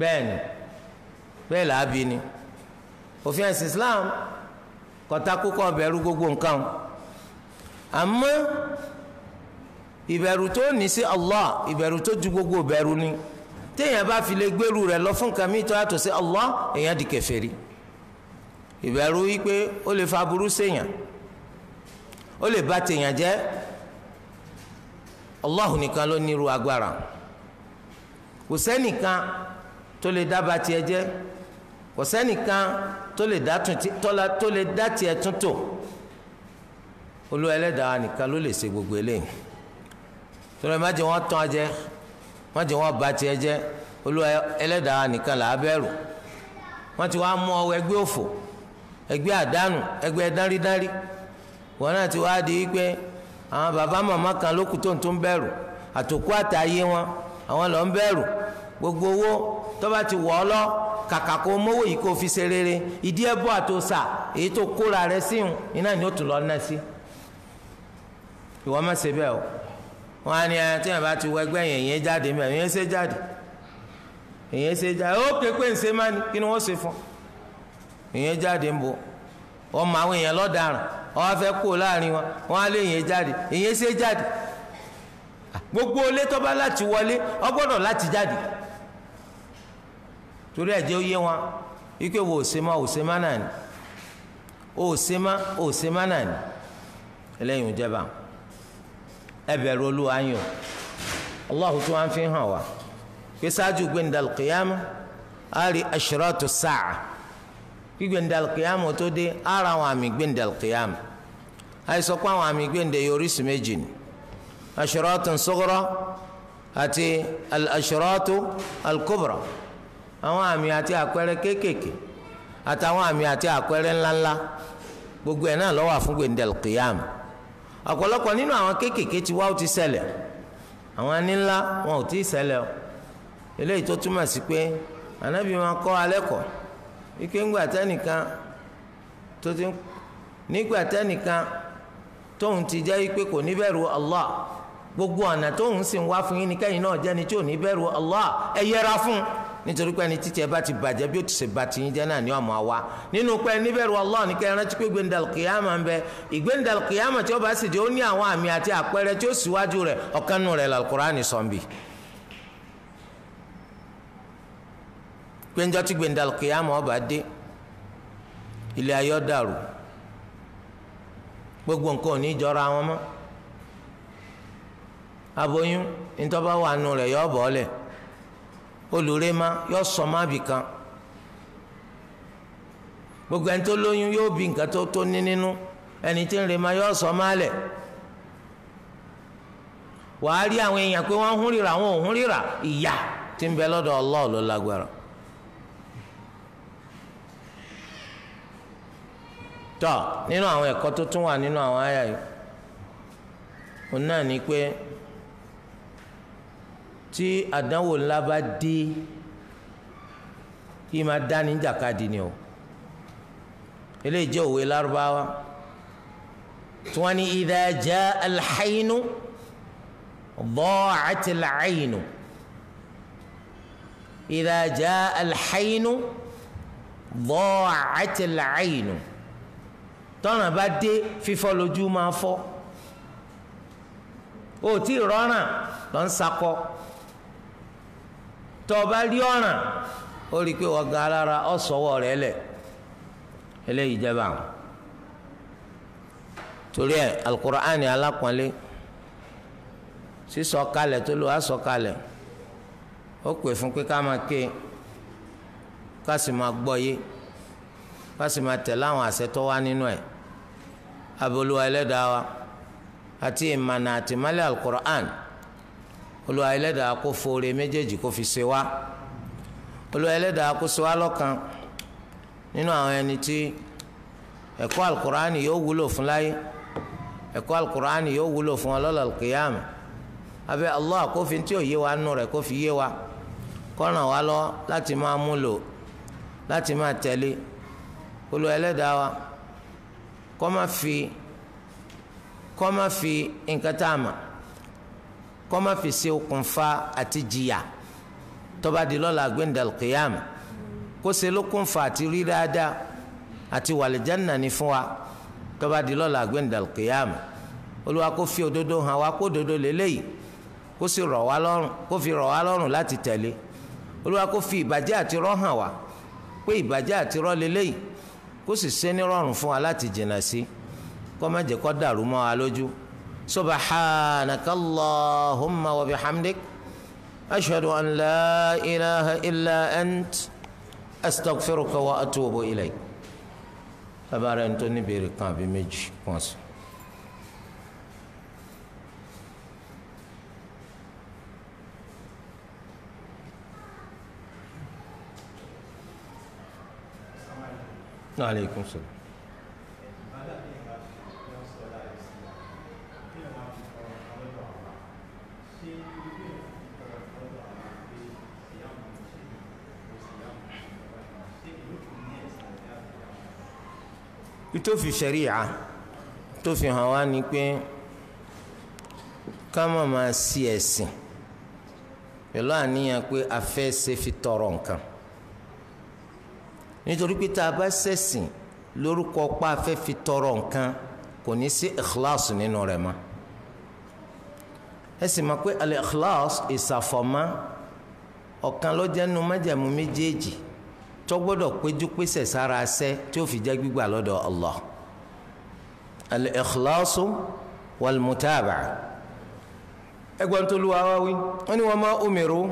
bẹ́ẹ̀ ni bẹ́ẹ̀ là á bí ni òfin ẹ̀sìn Islam kọ̀tà kókó ọ̀bẹ̀rù gbogbo nǹkan àmọ́ ìbẹ̀rù tó ní sí Allah ìbẹ̀rù tó ju gbogbo ìbẹ̀rù ni téèyàn bá fi lè gbèrú rẹ̀ lọ fún kàmí tó yàtọ̀ sí Allah èèyàn di kèfèrí ìbẹ̀rù wípé ó lè fa burú séèyàn ó lè bà téèyàn jẹ Allah nìkan ló nírú agbára kò sẹ́nìkan tó lè dá ba tiẹ̀ jẹ́ kò sẹ́nìkan tó lè dá tó lè dá tiẹ̀ tún tò olú ẹlẹ́dàá nìkan ló lè ṣe gbogbo eléyìí tó lè má jẹ́ wọ́n tán jẹ má jẹ́ wọ́n ba tiẹ̀ jẹ́ olú ẹlẹ́dàá nìkan là á bẹ̀rù wọ́n ti wá mú ọ ẹgbẹ́ òfò ẹgbẹ́ àdánù ẹgbẹ́ dáridári wọn náà ti wá di wípé àwọn bàbá màmá kan lókùtò tó ń bẹ̀rù àtòkú àtàyé wọn àwọn lọ ń bẹ̀rù gbogbo owó tó ti wọ̀ ọ́ lọ kàkà kó mówó fi ṣe rere ìdí ẹ̀ àtòsà èyí tó kóra rẹ̀ síhùn iná ni ó tún lọ ná sí ìwọ má ṣe bẹ́ẹ̀ o wọn á ní ẹ ah, tí bá ti wọ ẹgbẹ́ yẹn jáde ṣe jáde ṣe jáde ó ké pé ni kí ni wọ́n ṣe fún yẹn jáde ń bọ̀ ọmọ àwọn èèyàn gbogbo láti wọlé torí ẹ̀jẹ̀ ó yé wọn ike wo òsèmá òsèmá náà ni òsèmá òsèmá náà ni eléyìí ò jẹba ẹ bẹ̀rù olúwa yín o Allahu tó wá ń fi hàn wá pé sáájú gbẹ̀ndàlù kìyàmù á rí ashratu sáà kí gbẹ̀ndàlù kìyàmù tó dé á ra àwọn àmì gbẹ̀ndàlù kìyàmù àìsàn pé àwọn àmì gbẹ̀ndẹ̀ yìí oríṣi méjì ni ashratu sughra àti ashratu al-kubra. al al àwọn àmì àti kekeke kéékèèké àtàwọn àmì àti àpẹẹrẹ ńláńlá gbogbo ẹ náà ló wà fún gbèǹdẹ̀l nínú àwọn kéékèèké ti wá ti àwọn wọn ò tí ì ṣẹlẹ̀ o eléyìí tó túmọ̀ sí pé ànábì máa kọ́ alẹ́ ti nígbà tẹ́nìkan tóun ti jẹ́ gbogbo ọ̀nà tóun sì ń wá fún yín kẹ́yìn náà jẹ́ni nítorí pé ẹni títí ẹ bá ti bàjẹ́ bí ó ti ṣe bá ti yín jẹ́ náà ni ọmọ wa nínú pé níbẹ̀rù Allah ní kẹ́ rántí pé gbẹ̀ndàlùkìyàmà ń bẹ ìgbẹ̀ndàlùkìyàmà tí ó bá sì dé ó ní àwọn àmì àti àpẹẹrẹ tí ó síwájú rẹ̀ ọ̀kanú rẹ̀ làlùkùránì sọ̀nbì. péńjọ tí gbẹ̀ndàlùkìyàmà ó bá dé ilé ayé dàrú gbogbo nǹkan ò ní jọra wọn mọ́ aboyún ní tó olùrẹ́mà yọ sọmọ àbìkan gbogbo ẹni tó lóyún yóò bí nǹkan tó tó ní nínú ẹni tí ń rẹ́mà yọ sọmọ àlẹ̀ wàá rí àwọn èèyàn pé wọ́n ń hún ríra àwọn ò hún ríra ìyá tí ń bẹ lọ́dọ̀ Allah ló lágbára. tọ́ nínú àwọn ẹ̀kọ́ tó tún wà nínú àwọn àyà yìí òun náà ní pé. tí àdánwò ńlá bá dé kí máa dání jàkadì ni o eléyìí jẹ́ òwe lárúbáwá tí wọ́n ní idha jaa al-haynu da'at al-aynu idha jaa al-haynu bá dé fífọ́ lójú máa fọ́ ó tí ì lọ́n sakọ́. tọba rí ó rí i pé ọ̀gá alára ọ̀sọ̀wọ́ rẹ̀ lẹ̀ eléyìí jẹ́ torí ẹ̀ alukur'an ni alápọ̀nlé sísọ̀kalẹ̀ tó lò àsọ̀kalẹ̀ ó pè fún pé ká máa ké ká sì máa yé ká sì máa wá nínú ẹ aboluwa wa àti ìmànà olúwa ẹlẹ́dàá kó foore méjèèjì kó fi ṣe wá olúwa ẹlẹ́dàá kó ṣe wá lọ́kan nínú àwọn ẹni tí ẹ̀kọ́ alukur'ani yóò wúlò fún láyé ẹ̀kọ́ alukur'ani yóò wúlò fún wa lọ́la kìyàmù abẹ́ allah kófin tí ò yé wa nù rẹ̀ kó fi yé wa kó ràn lọ láti máa mú lò láti máa tẹ̀lé olú ẹlẹ́dàá wa kó má fi kó má fi nǹkan tá a mọ̀ kó má fi ṣe okùnfà àti jìyà tó bá di lọ́la gbẹ̀ndàl qiyam kó ṣe ati àti rí dáadáa àti wàlìjánà ní fún wa tó di lọ́la gbẹ̀ndàl qiyam olúwa kó fi òdodo hàn wá kó òdodo lélẹ́yìí kó sì rọ̀ wá lọ́rùn kó fi rọ̀ wá lọ́rùn láti tẹ̀lé olúwa kó fi ìbàjẹ́ àti rọ́ hàn wá pé ìbàjẹ́ àti rọ́ lélẹ́yìí kó sì ṣe rọrùn fún wa láti jìnnà sí kó má jẹ́ dàrú mọ́ wa lójú. سبحانك اللهم وبحمدك أشهد أن لا إله إلا أنت أستغفرك وأتوب إليك تبارك أنت نبيرك بمجي مصر عليكم السلام ìtòfin ṣẹ̀ríyà tó fi hàn wá ni pé ká má máa sí ẹ̀sìn pẹ̀lú àníyàn pé a fẹ́ ṣe fi tọrọ nǹkan nítorí pé tá a bá ṣẹ̀sìn lórúkọ pa a fẹ́ fi tọrọ nǹkan kò ní sí ìkíláàsì nínú rẹ̀ mọ́ ẹ sì mọ̀ pé al-ikhlas ìsàfọ̀mọ́ ọ̀kan ló jẹ́ nu májẹ̀mú méjèèjì tó gbọ́dọ̀ péjú pésẹ̀ sára sẹ́ tí ó fi jẹ́ gbígbà lọ́dọ̀ Allah al-ikhlasu wal-mutaba'a ẹgbọn tó lu àwa wí wọ́n ní wa ma umiru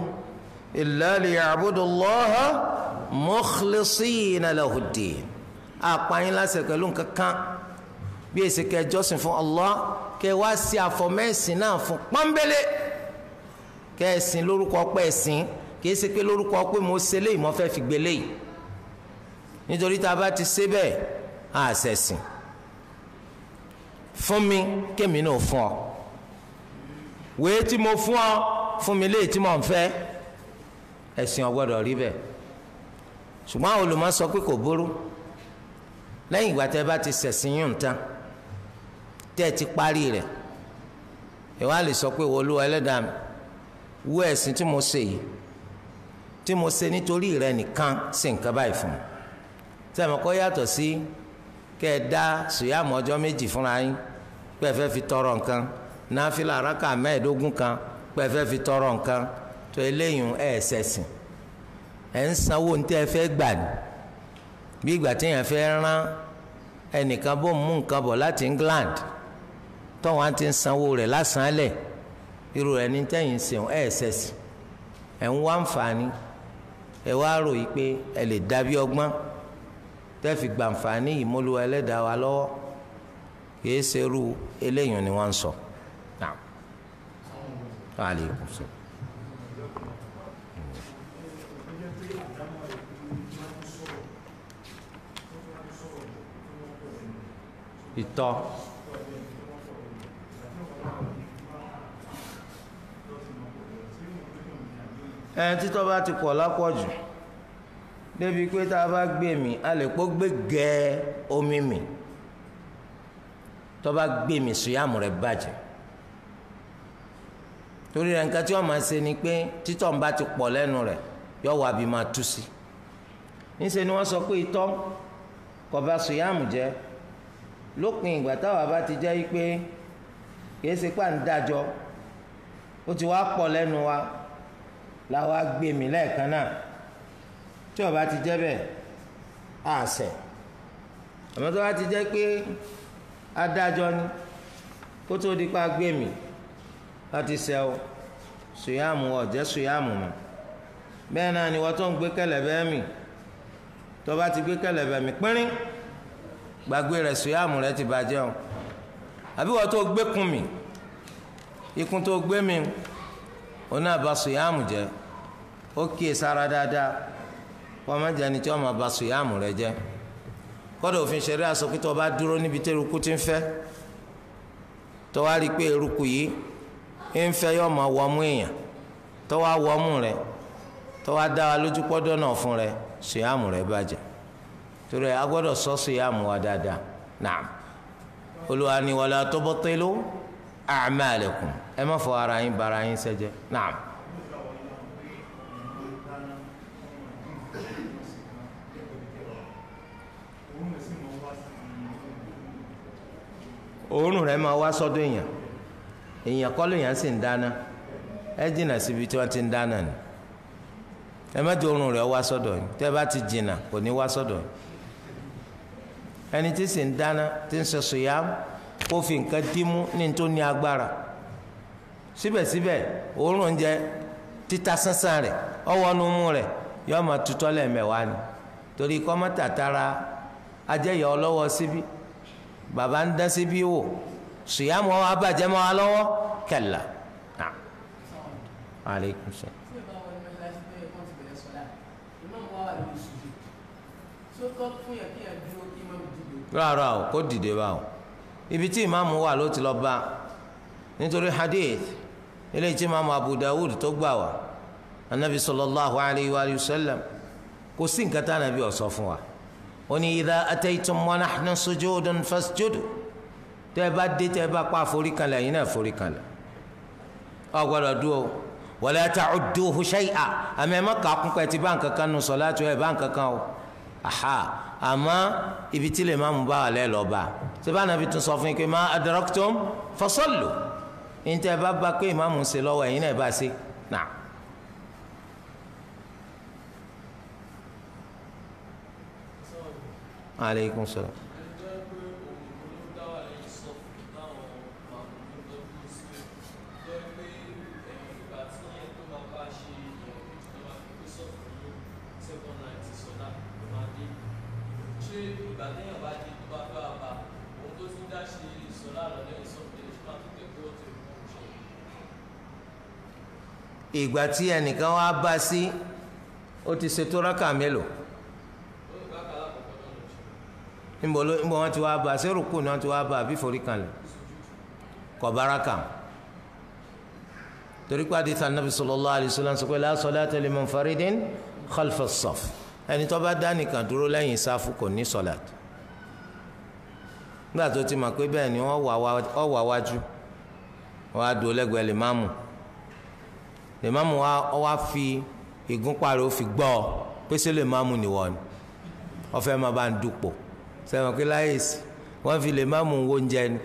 illa liya'budu Allaha mukhlisina lahud-din àpáyín láṣẹ pẹ̀lú nǹkan kan bí èsì kẹjọsìn fún Allah kẹ wá sí àfọmẹ́sìn náà fún pọ́nbélé kẹsìn lórúkọ pẹ̀sìn kì í ṣe pé lórúkọ pé mo ṣe léyìí mo fẹ́ nítorí tá a bá ti ṣe bẹ́ẹ̀ á ṣẹ̀sìn fún mi kémi náà fún ọ wèé tí mo fún ọ fún mi léè tí mo ń fẹ́ ẹ̀sìn ọgbọ́dọ̀ rí bẹ́ẹ̀ ṣùgbọ́n àwọn olùmọ̀ sọ pé kò burú lẹ́yìn ìgbà tẹ́ bá ti ṣẹ̀sìn yùn tán tẹ́ ẹ ti parí rẹ̀ ẹ wá lè sọ pé wo olúwa ẹlẹ́dàá mi wú ẹ̀sìn tí mo ṣe yìí tí mo ṣe nítorí rẹ̀ nìkan ṣe nǹkan báyìí fún mi sẹ́mi kọ́ yàtọ̀ sí kẹ́ ẹ dá sùyàmù ọjọ́ méjì fúnra yín pé ẹ fẹ́ fi tọrọ nǹkan náfìlà rákà mẹ́ẹ̀ẹ́dógún kan pé ẹ fẹ́ fi tọrọ nǹkan tó eléyìí ẹ̀ ṣẹ̀sìn ẹ̀ ń sanwó ní tẹ́ ẹ fẹ́ gbà ní bí ìgbà téèyàn fẹ́ rán ẹnìkan bó mú nǹkan bọ̀ láti England tọ́wọ́n ti ń sanwó rẹ̀ lásán lẹ̀ irú rẹ̀ tẹ́yìn sèwọ̀n ẹ̀ ṣẹ̀sìn ẹ̀ ń wá àǹfààní ẹ̀ wá rò yí pé ẹ lè dábí ọgbọ́n tẹ́ẹ̀fì gbàǹfààní ìmúlùú ẹlẹ́dàá wa lọ́wọ́ kìí ṣerú eléyìí ni wọ́n ń sọ. ìtọ́ ẹ̀ títọ́ bá ti pọ̀ lápọ̀ débi pé tá a bá gbé mi a lè kó gbé gẹ́ omi mi tó bá gbé mi sùyàmù rẹ̀ bàjẹ́ torí rẹ̀ nǹkan tí wọ́n máa ṣe ni pé títọ́ ń bá ti pọ̀ lẹ́nu rẹ̀ yọ wà bí máa tú sí níṣẹ́ ni wọ́n sọ pé itọ́ kò bà sùyàmù jẹ́ lópin ìgbà táwa bá ti jẹ́ pé kìí ṣe pà ń dájọ́ ó ti wá pọ̀ lẹ́nu wa làwa gbé mi lẹ́ẹ̀kan náà tí ó bá ti jẹ́ bẹ́ẹ̀ àṣẹ àmọ́ tó bá ti jẹ́ pé adájọ́ ni kó tó di pa gbé mi láti ṣe ọ sùyàmù ọ̀jẹ́ sùyàmù mọ́ bẹ́ẹ̀ náà ni wọ́n tó ń gbé kẹlẹ̀bẹ́ mi tó bá ti gbé kẹlẹ̀bẹ́ mi pínrín gbàgbé rẹ̀ sùyàmù rẹ̀ ti bàjẹ́ o àbí wọ́n tó gbé kun mi ikun tó gbé mi òun náà bá sùyàmù jẹ́ ó kíyè sára dáadáa. wọ́n má jẹ́ ẹni tí wọ́n máa ba sùyàmù rẹ jẹ, kọ́dọ̀ òfin ṣẹ̀rí aṣọ ọba bá dúró níbi tí eruku ti ń fẹ́ tó rí i pé eruku yìí ń fẹ́ yọ wọmú èèyàn wọmú rẹ tó dá wa lójú pọ́dọ̀ náà fún rẹ sùyàmù rẹ bàjẹ́ torí wa dáadáa náà ni fọ ara bara yín sẹ́jẹ́ náà. òórùn rẹ máa wá sọ́dọ̀ èèyàn èèyàn kọ́ lèèyàn sì ń dáná ẹ jìnnà síbi tí ti ń dáná ni ẹ má ti òórùn rẹ̀ wá sọ́dọ̀ yìí bá ti jìnnà kò ní wá sọ́dọ̀ yìí ẹni tí sì ń dáná tí ń sọ̀sọ̀ yá kó fi nǹkan dímú ní tó ní agbára síbẹ̀síbẹ̀ òórùn títa ọwọ́ nu ni torí kọ́mọ́tà tara ọlọ́wọ́ Si bàbá ń dán síbí wò sùyàmù ọ abàjẹ́ mọ́ wa lọ́wọ́ kẹlà. aleykum salaam. rárá o kó dìde bá o ibi tí ìmáàmù wà ló ti lọ bá nítorí hadith eléyìí tí ìmáàmù Abu Dawud tó gbà wá anabi sallallahu alayhi wa sallam kò sí nǹkan tá ànábi ó sọ fún wa oní idha ataytum wa nahnu sujudun fasjudu tẹ́ bá dé tẹ́ bá pa àforíkalẹ̀ yín náà àforíkalẹ̀ ọ gbọ́dọ̀ dúró wala ta'udduhu shay'a àmì ẹ̀mọ́ kà á kún pẹ́ ti bá nǹkan kan nù sọ̀láàtù ẹ̀ bá nǹkan kan o aha àmọ́ ibi tí lè má mú bá wà lẹ́ lọ́ọ́ bá ṣé bá nàbí tún sọ fún yín pé ma adraktum fasallu ní tẹ́ bá bá pé ìmáàmù ń ṣe lọ́wọ́ ẹ̀yin náà bá ṣe náà. aleykum salaam. ìgbà tí ẹnìkan wá bá sí ó ti ṣètò rákà mélòó ńbọ wọn ti wá bá ṣé rúkú ni wọn ti wá bá àbí forí kanlẹ̀ kọ baraka torí pé àdìsá nàbì sallallahu alaihi wasallam sọ pé la salata liman faridin khalfa as-saf ẹni tó bá dá nìkan dúró lẹ́yìn sáfù kò ní sọlát nígbà tó ti mọ̀ pé bẹ́ẹ̀ ni wọ́n wà wájú wọ́n á dúró lẹ́gbẹ̀ẹ́ lèmáàmù lèmáàmù wa fi ìgúnpá rẹ̀ fi gbọ́ ọ pé ni wọ́n fẹ́ máa bá ń dupò sẹ́wọ̀n pé láyèsí wọ́n fi lè má mú oúnjẹ ni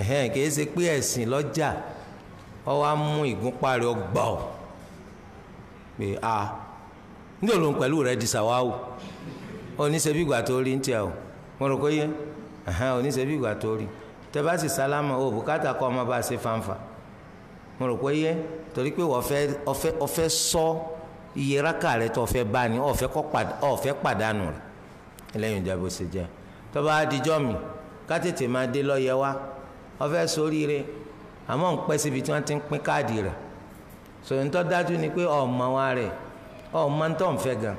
ẹ̀hẹ́n kìí ṣe pé ẹ̀sìn lọ́jà ọwọ́ á mú ìgúnpá rẹ̀ gbọ́ pé a níjọ́ lòun pẹ̀lú rẹ̀ di sàwáwò oníṣẹ́bí ìgbà tó rí ń tiẹ̀ o mo rò pé yẹ ẹ̀hẹ́n oníṣẹ́bí ìgbà tó rí tẹ bá sì sálámà o bùkátà kọ́ ọmọ bá ṣe fanfa mo rò pé yẹ torí pé ọ̀fẹ́ ọ̀fẹ́ ọ̀fẹ́ sọ iye rákà rẹ̀ tó ọ̀fẹ́ bá ní ọ̀fẹ́ pàdánù rẹ̀ eléyìí ń jẹ́ bó ṣe jẹ́ tó bá adijọ́ mi ká tètè máa dé lọ́yẹ wá ó fẹ́ ṣoríire àmọ́ ń pẹ́ síbi tí wọ́n ti ń pín káàdì rẹ̀ sòyìn tó dájú ni pé ọmọ wa rẹ̀ ọmọ tó ń fẹ́ gan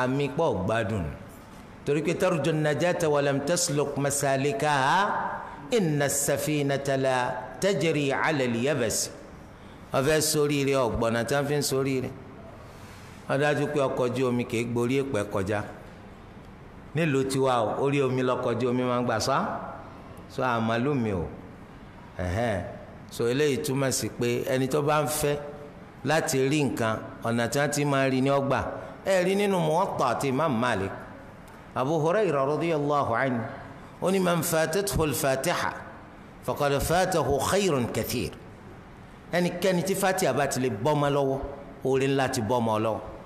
àmì pọ̀ gbádùn torí pé tarju najata walam tasluk masalikaha inna safinata la tajri ala al-yabas ó fẹ́ ṣoríire ọ̀gbọ̀nà tí wọ́n fi ń ṣoríire ó dájú pé ọkọ̀ ojú omi kì í gborí èpè kọjá nílùú tiwa o orí omi lọkọjú omi máa ń gbà sá so àmàlùmí o ẹhẹn so eléyìí túmọ̀ sí pé ẹni tó bá ń fẹ́ láti rí nǹkan ọ̀nà tí wọ́n ti máa rí ní ọgbà ẹ rí nínú Muwatta àti Imam Malik Abu Hurairah radiyallahu anhu ó ní man fatathu al-fatiha faqad fatahu khayrun kathir ẹnikẹ́ni tí fatiha bá ti lè bọ́ ọmọ lọ́wọ́ oore ńlá bọ́ ọmọ lọ́wọ́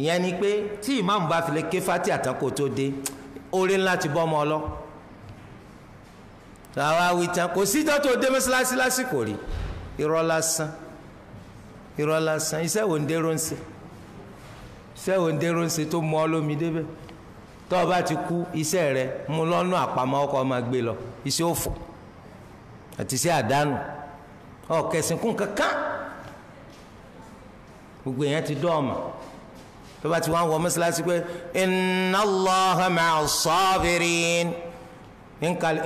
ìyẹn ni pé tí ìmáàmù bá fi lè ké fati àtàkò tó dé oore ńlá ti bọ́ ọmọ ọ lọ làwa wí tán kò sí tó tó dé mọ́sálásí lásìkò rí irọ́ lásán irọ́ lásán iṣẹ́ wo ń dérò ń ṣe iṣẹ́ wo ń dérò ń ṣe tó mú ọ lómi débẹ̀ tó o bá ti kú iṣẹ́ rẹ mú lọ́nà àpamọ́ ọkọ̀ máa gbé lọ iṣẹ́ òfò àti iṣẹ́ àdánù ọ̀kẹ́sìnkún kankan gbogbo èèyàn ti dọ́ ọ̀mà tó bá ti wá ń wọ mọ́sálásí pé inna Allaha ma'a sabirin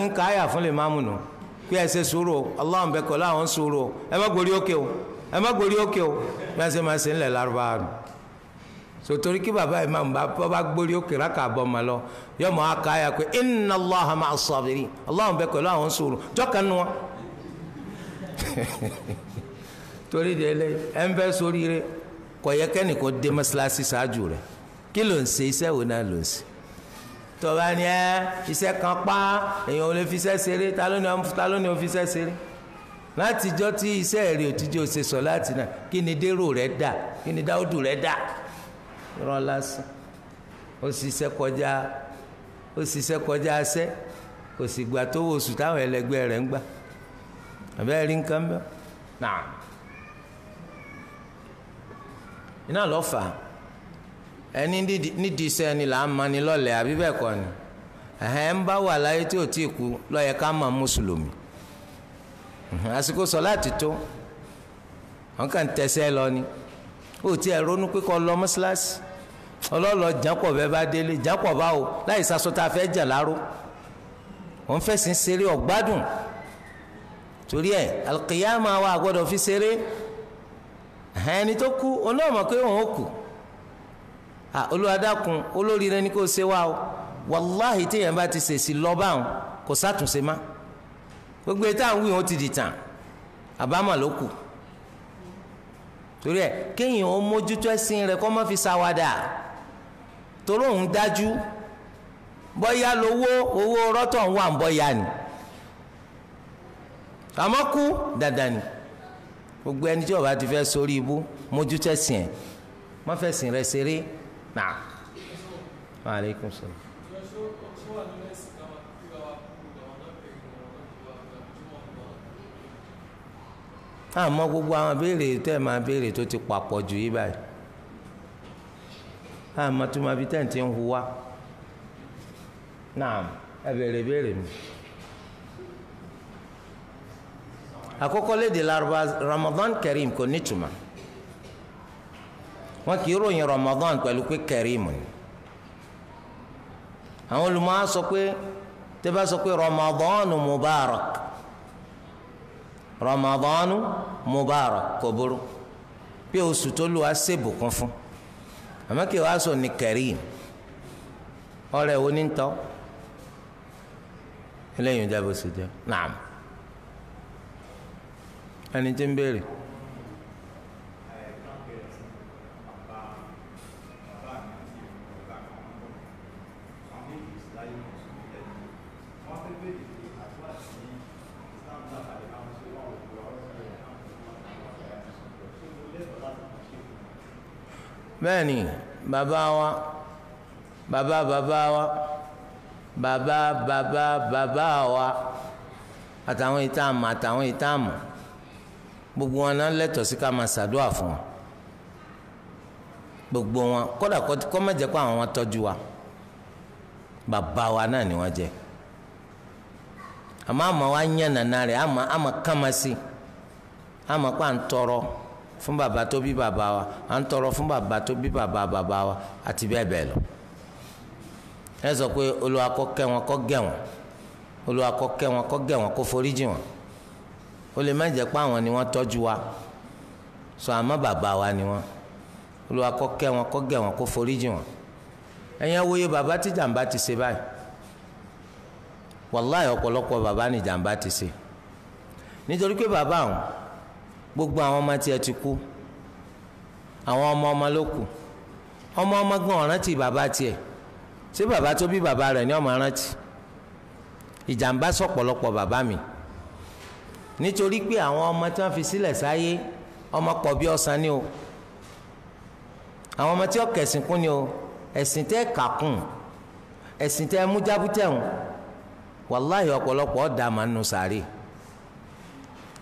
nka àyà fún lè má mu nù pé ẹ ṣe sùúrù Ọlọ́run bẹ kọ́ láwọn sùúrù ẹ má gòrí òkè o ẹ má gòrí òkè o bí wọ́n ṣe máa ṣe ńlẹ̀ lárúbáwá nù sotori kí baba yìí máa ń bá gbórí òkè rákà bọ́ ma lọ yọ mọ aka yà pé inna Allaha ma'a sabirin Ọlọ́run bẹ pẹ̀lú àwọn sùúrù jọ́ka nù wọn torí de ẹ ń fẹ́ sórí rẹ̀ kò yẹ kẹ́ni kò dé mọ́ṣáláṣí ṣáájú rẹ̀ kí ló ń ṣe iṣẹ́ wo náà ló ń ṣe tọ́ba ni ẹ iṣẹ́ kan pa èèyàn ò lè fi iṣẹ́ ṣeré ta ló ní o fi iṣẹ́ ṣeré látijọ́ tí iṣẹ́ rẹ̀ òtijọ́ ṣe sọ láti náà kí ni dérò rẹ̀ dà kí ni dáúdù rẹ̀ dà rán lásán ó ṣiṣẹ́ kọjá ó ṣiṣẹ́ kọjá aṣẹ́ kò sì gbà tó oṣù táwọn ẹlẹgbẹ́ rẹ̀ ń gbà àbẹ́rẹ́ rí nǹkan mọ́ iná lọ fà ẹni nídìí iṣẹ́ ẹni là á ma ni lọ́lẹ̀ àbí bẹ́ẹ̀ kọ́ ni ẹ̀hẹ́n ń bá wà láyé tí ò tí ì kú ló yẹ ká máa mùsùlùmí àsìkò sọ láti tó wọn kàn tẹsẹ̀ lọ ni ó ti ẹ̀ ronú pé kọ́ lọ mọ́ṣáláṣí ọlọ́lọ́ jápọ̀ bẹ́ẹ̀ bá délé jápọ̀ báwo láì sasọ tá a fẹ́ jà láró wọn fẹ̀sìn ṣeré ọ̀gbádùn torí ẹ̀ alqiyama wa a gbọ́dọ̀ fi ṣeré ẹni tó kú olóòmọ pé òun ó kú olùwàdàkùn olóríire ni kò ṣe wá o wàláhì téèyàn bá ti ṣèṣì lọ báwọn kò sátúnṣe má gbogbo ètò àwọn wíwọn ti dìtàn àbámọ̀ ló kù torí ẹ kéèyàn ó mójútó ẹsìn rẹ kó má fi ṣàwàdà torí òun dájú bóyá lówó owó rọ́tọ̀ ń wà ń bóyá ni àmọ́ kú dandan ni. gbogbo ẹni tí ti fẹ́ sori ibu mójú tẹ̀sìn ẹ̀ má fẹ́ sìn rẹ ṣeré nà. maaleykum salaam. àmọ́ gbogbo àwọn béèrè tẹ́ ẹ máa béèrè tó ti papọ̀ jù yí báyìí àmọ́ tó máa fi ti ń àkọ́kọ́ léde larubá Ramadan Karim kò nítumọ̀ wọn kì í ròyìn Ramadan pẹ̀lú pé Karim ni àwọn olùmọ̀ á sọ pé tẹ́bá sọ pé Ramadan Mubarak Ramadan Mubarak kò burú pé oṣù tó lù á ṣèbùkún fún àmọ́ kí wàá sọ ní Karim ọ̀rẹ́ onítọ̀ eléyìí ń jábọ̀ sójà náà ẹni tí ń béèrè. bẹ́ẹ̀ni bàbá wa bàbá bàbá wa bàbá bàbá bàbá wa àtàwọn ìtààmù àtàwọn ìtààmù gbogbo wọn náà lẹ́tọ̀ọ́ sí ká máa ṣàdúrà fún wọn gbogbo wọn kódà kó má jẹ́ pé àwọn wọn tọ́jú wa bàbá wa náà ni wọ́n jẹ́ àmọ́ àmọ́ wa yàn nàna rẹ̀ àmọ́ àmọ́ kàmá sí àmọ́ pa ń tọrọ fún bàbá tó bí bàbá wa à ń tọrọ fún bàbá tó bí bàbá bàbá wa àti bẹ́ẹ̀ bẹ́ẹ̀ lọ ẹ sọ pé Olúwa kẹ́ wọn kó gẹ̀ wọn Olúwa kẹ́ wọn kó gẹ̀ wọn kó foríjì wọn ó lè má jẹ́ pé àwọn ni wọ́n tọ́jú wa sọ àmọ́ bàbá wa ni wọ́n Olúwa kó kẹ́ wọn kó gẹ̀ wọn kó foríjì wọn ẹ̀yin awoye bàbá tí jàǹbá ti ṣe báyìí wàláì ọ̀pọ̀lọpọ̀ bàbá ni jàǹbá ti ṣe nítorí pé bàbá àwọn gbogbo àwọn ọmọ tiẹ̀ ti kú àwọn ọmọ ọmọ ló kù ọmọ ọmọ gan ọ̀rántí bàbá tiẹ̀ ṣé bàbá tó bí bàbá rẹ̀ ni ọmọ rántí ìjàǹbá sọ̀pọ̀lọpọ̀ bàbá mi. nítorí pé àwọn ọmọ tí wọ́n fi sílẹ̀ sáyé ọmọ pọ̀ bí ọ̀sán ni o àwọn ọmọ tí wọ́n kẹ̀sìn kún ni o ẹ̀sìn te kàkùn ẹ̀sìn tẹ́ mú jábútẹ̀hùn wàláhì ọ̀pọ̀lọpọ̀ ọ̀dà máa nù sàárè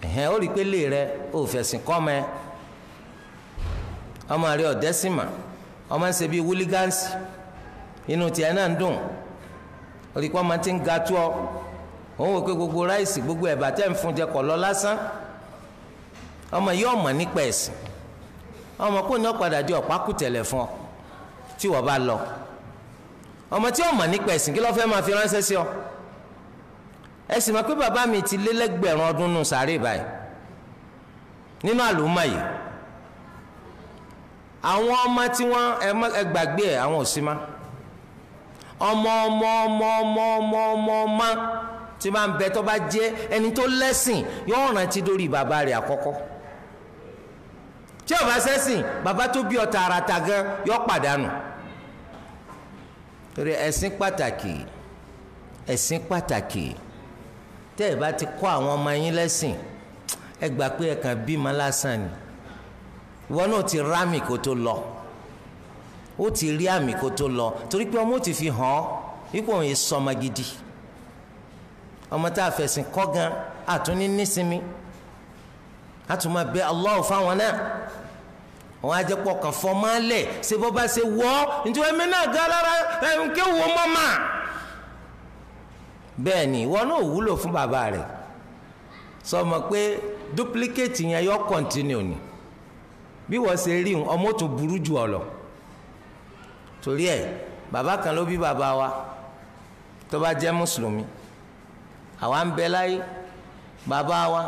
ẹ̀hẹ́n ó rí i pé lè rẹ ó fẹ̀sìn kọ́mẹ ọmọ rẹ ọ̀dẹ́sìmà ọmọ ń ṣe bíi wúlígánsì inú tiẹ̀ náà ń dùn rí i pé ọmọ ti ń ga tó ọ òun wò pé gbogbo ráìsì gbogbo ẹ̀bà tẹ́ ń fún jẹ kọ̀ lọ lásán ọmọ yìí ọmọ nípa ẹ̀sìn ọmọ kò ní ọ̀padà di ọ̀pákùtẹ̀lẹ̀ fún ọ tí wọ́n bá lọ ọmọ tí ọmọ nípa ẹ̀sìn kí ló fẹ́ máa fi ránṣẹ́ sí ọ ẹ̀sìn máa pé bàbá mi ti lé lẹ́gbẹ̀rún ọdún nù sàárè báyìí nínú àlùmọ́ yìí àwọn ọmọ tí wọ́n ẹ gbàgbé ẹ̀ àwọn ò sí ma ọmọ ọmọ ọmọ ọmọ ọmọ ọmọ ọmọ ọmọ ọmọ ọmọ ọmọ ọmọ ọmọ ọmọ ọmọ ọmọ ọmọ ọmọ ọmọ tí máa ń bẹ tó bá jẹ́ ẹni tó lẹ́sìn yóò rántí dórí bàbá rẹ̀ àkọ́kọ́ tí ó bá ṣẹ̀sìn bàbá tó bí ọ tààràtà gan yóò pàdánù torí ẹ̀sìn pàtàkì ẹ̀sìn pàtàkì tẹ́ ẹ bá ti kọ́ àwọn ọmọ yín lẹ́sìn ẹ gbà pé ẹ kàn bímọ lásán ni ìwọ náà ti rámì kó tó lọ ó ti rí àmì kó tó lọ torí pé ọmọ ò ti fi hàn ọ́ ipò òun yìí sọmọ gidi ọmọ tá a fẹ̀sìn kọ́ gan àtúní nísinmi àtúmọ̀ bẹ Allah fáwọn náà wọn á jẹ́ pọ̀ kàn fọ́ máa lẹ̀ ṣe bọ́ bá ṣe wọ́ nítorí ẹ̀mí náà ga lára ẹ̀mí kéwòó mọ́ máa bẹ́ẹ̀ ni ìwọ náà wúlò fún bàbá rẹ̀ sọmọ pé duplicate yẹn yọ continue ni bí wọ́n ṣe rí ọmọ tó burú jù ọ lọ torí ẹ̀ bàbá kan ló bí bàbá wa tó bá jẹ́ mùsùlùmí àwa ń bẹ láyé bàbá wa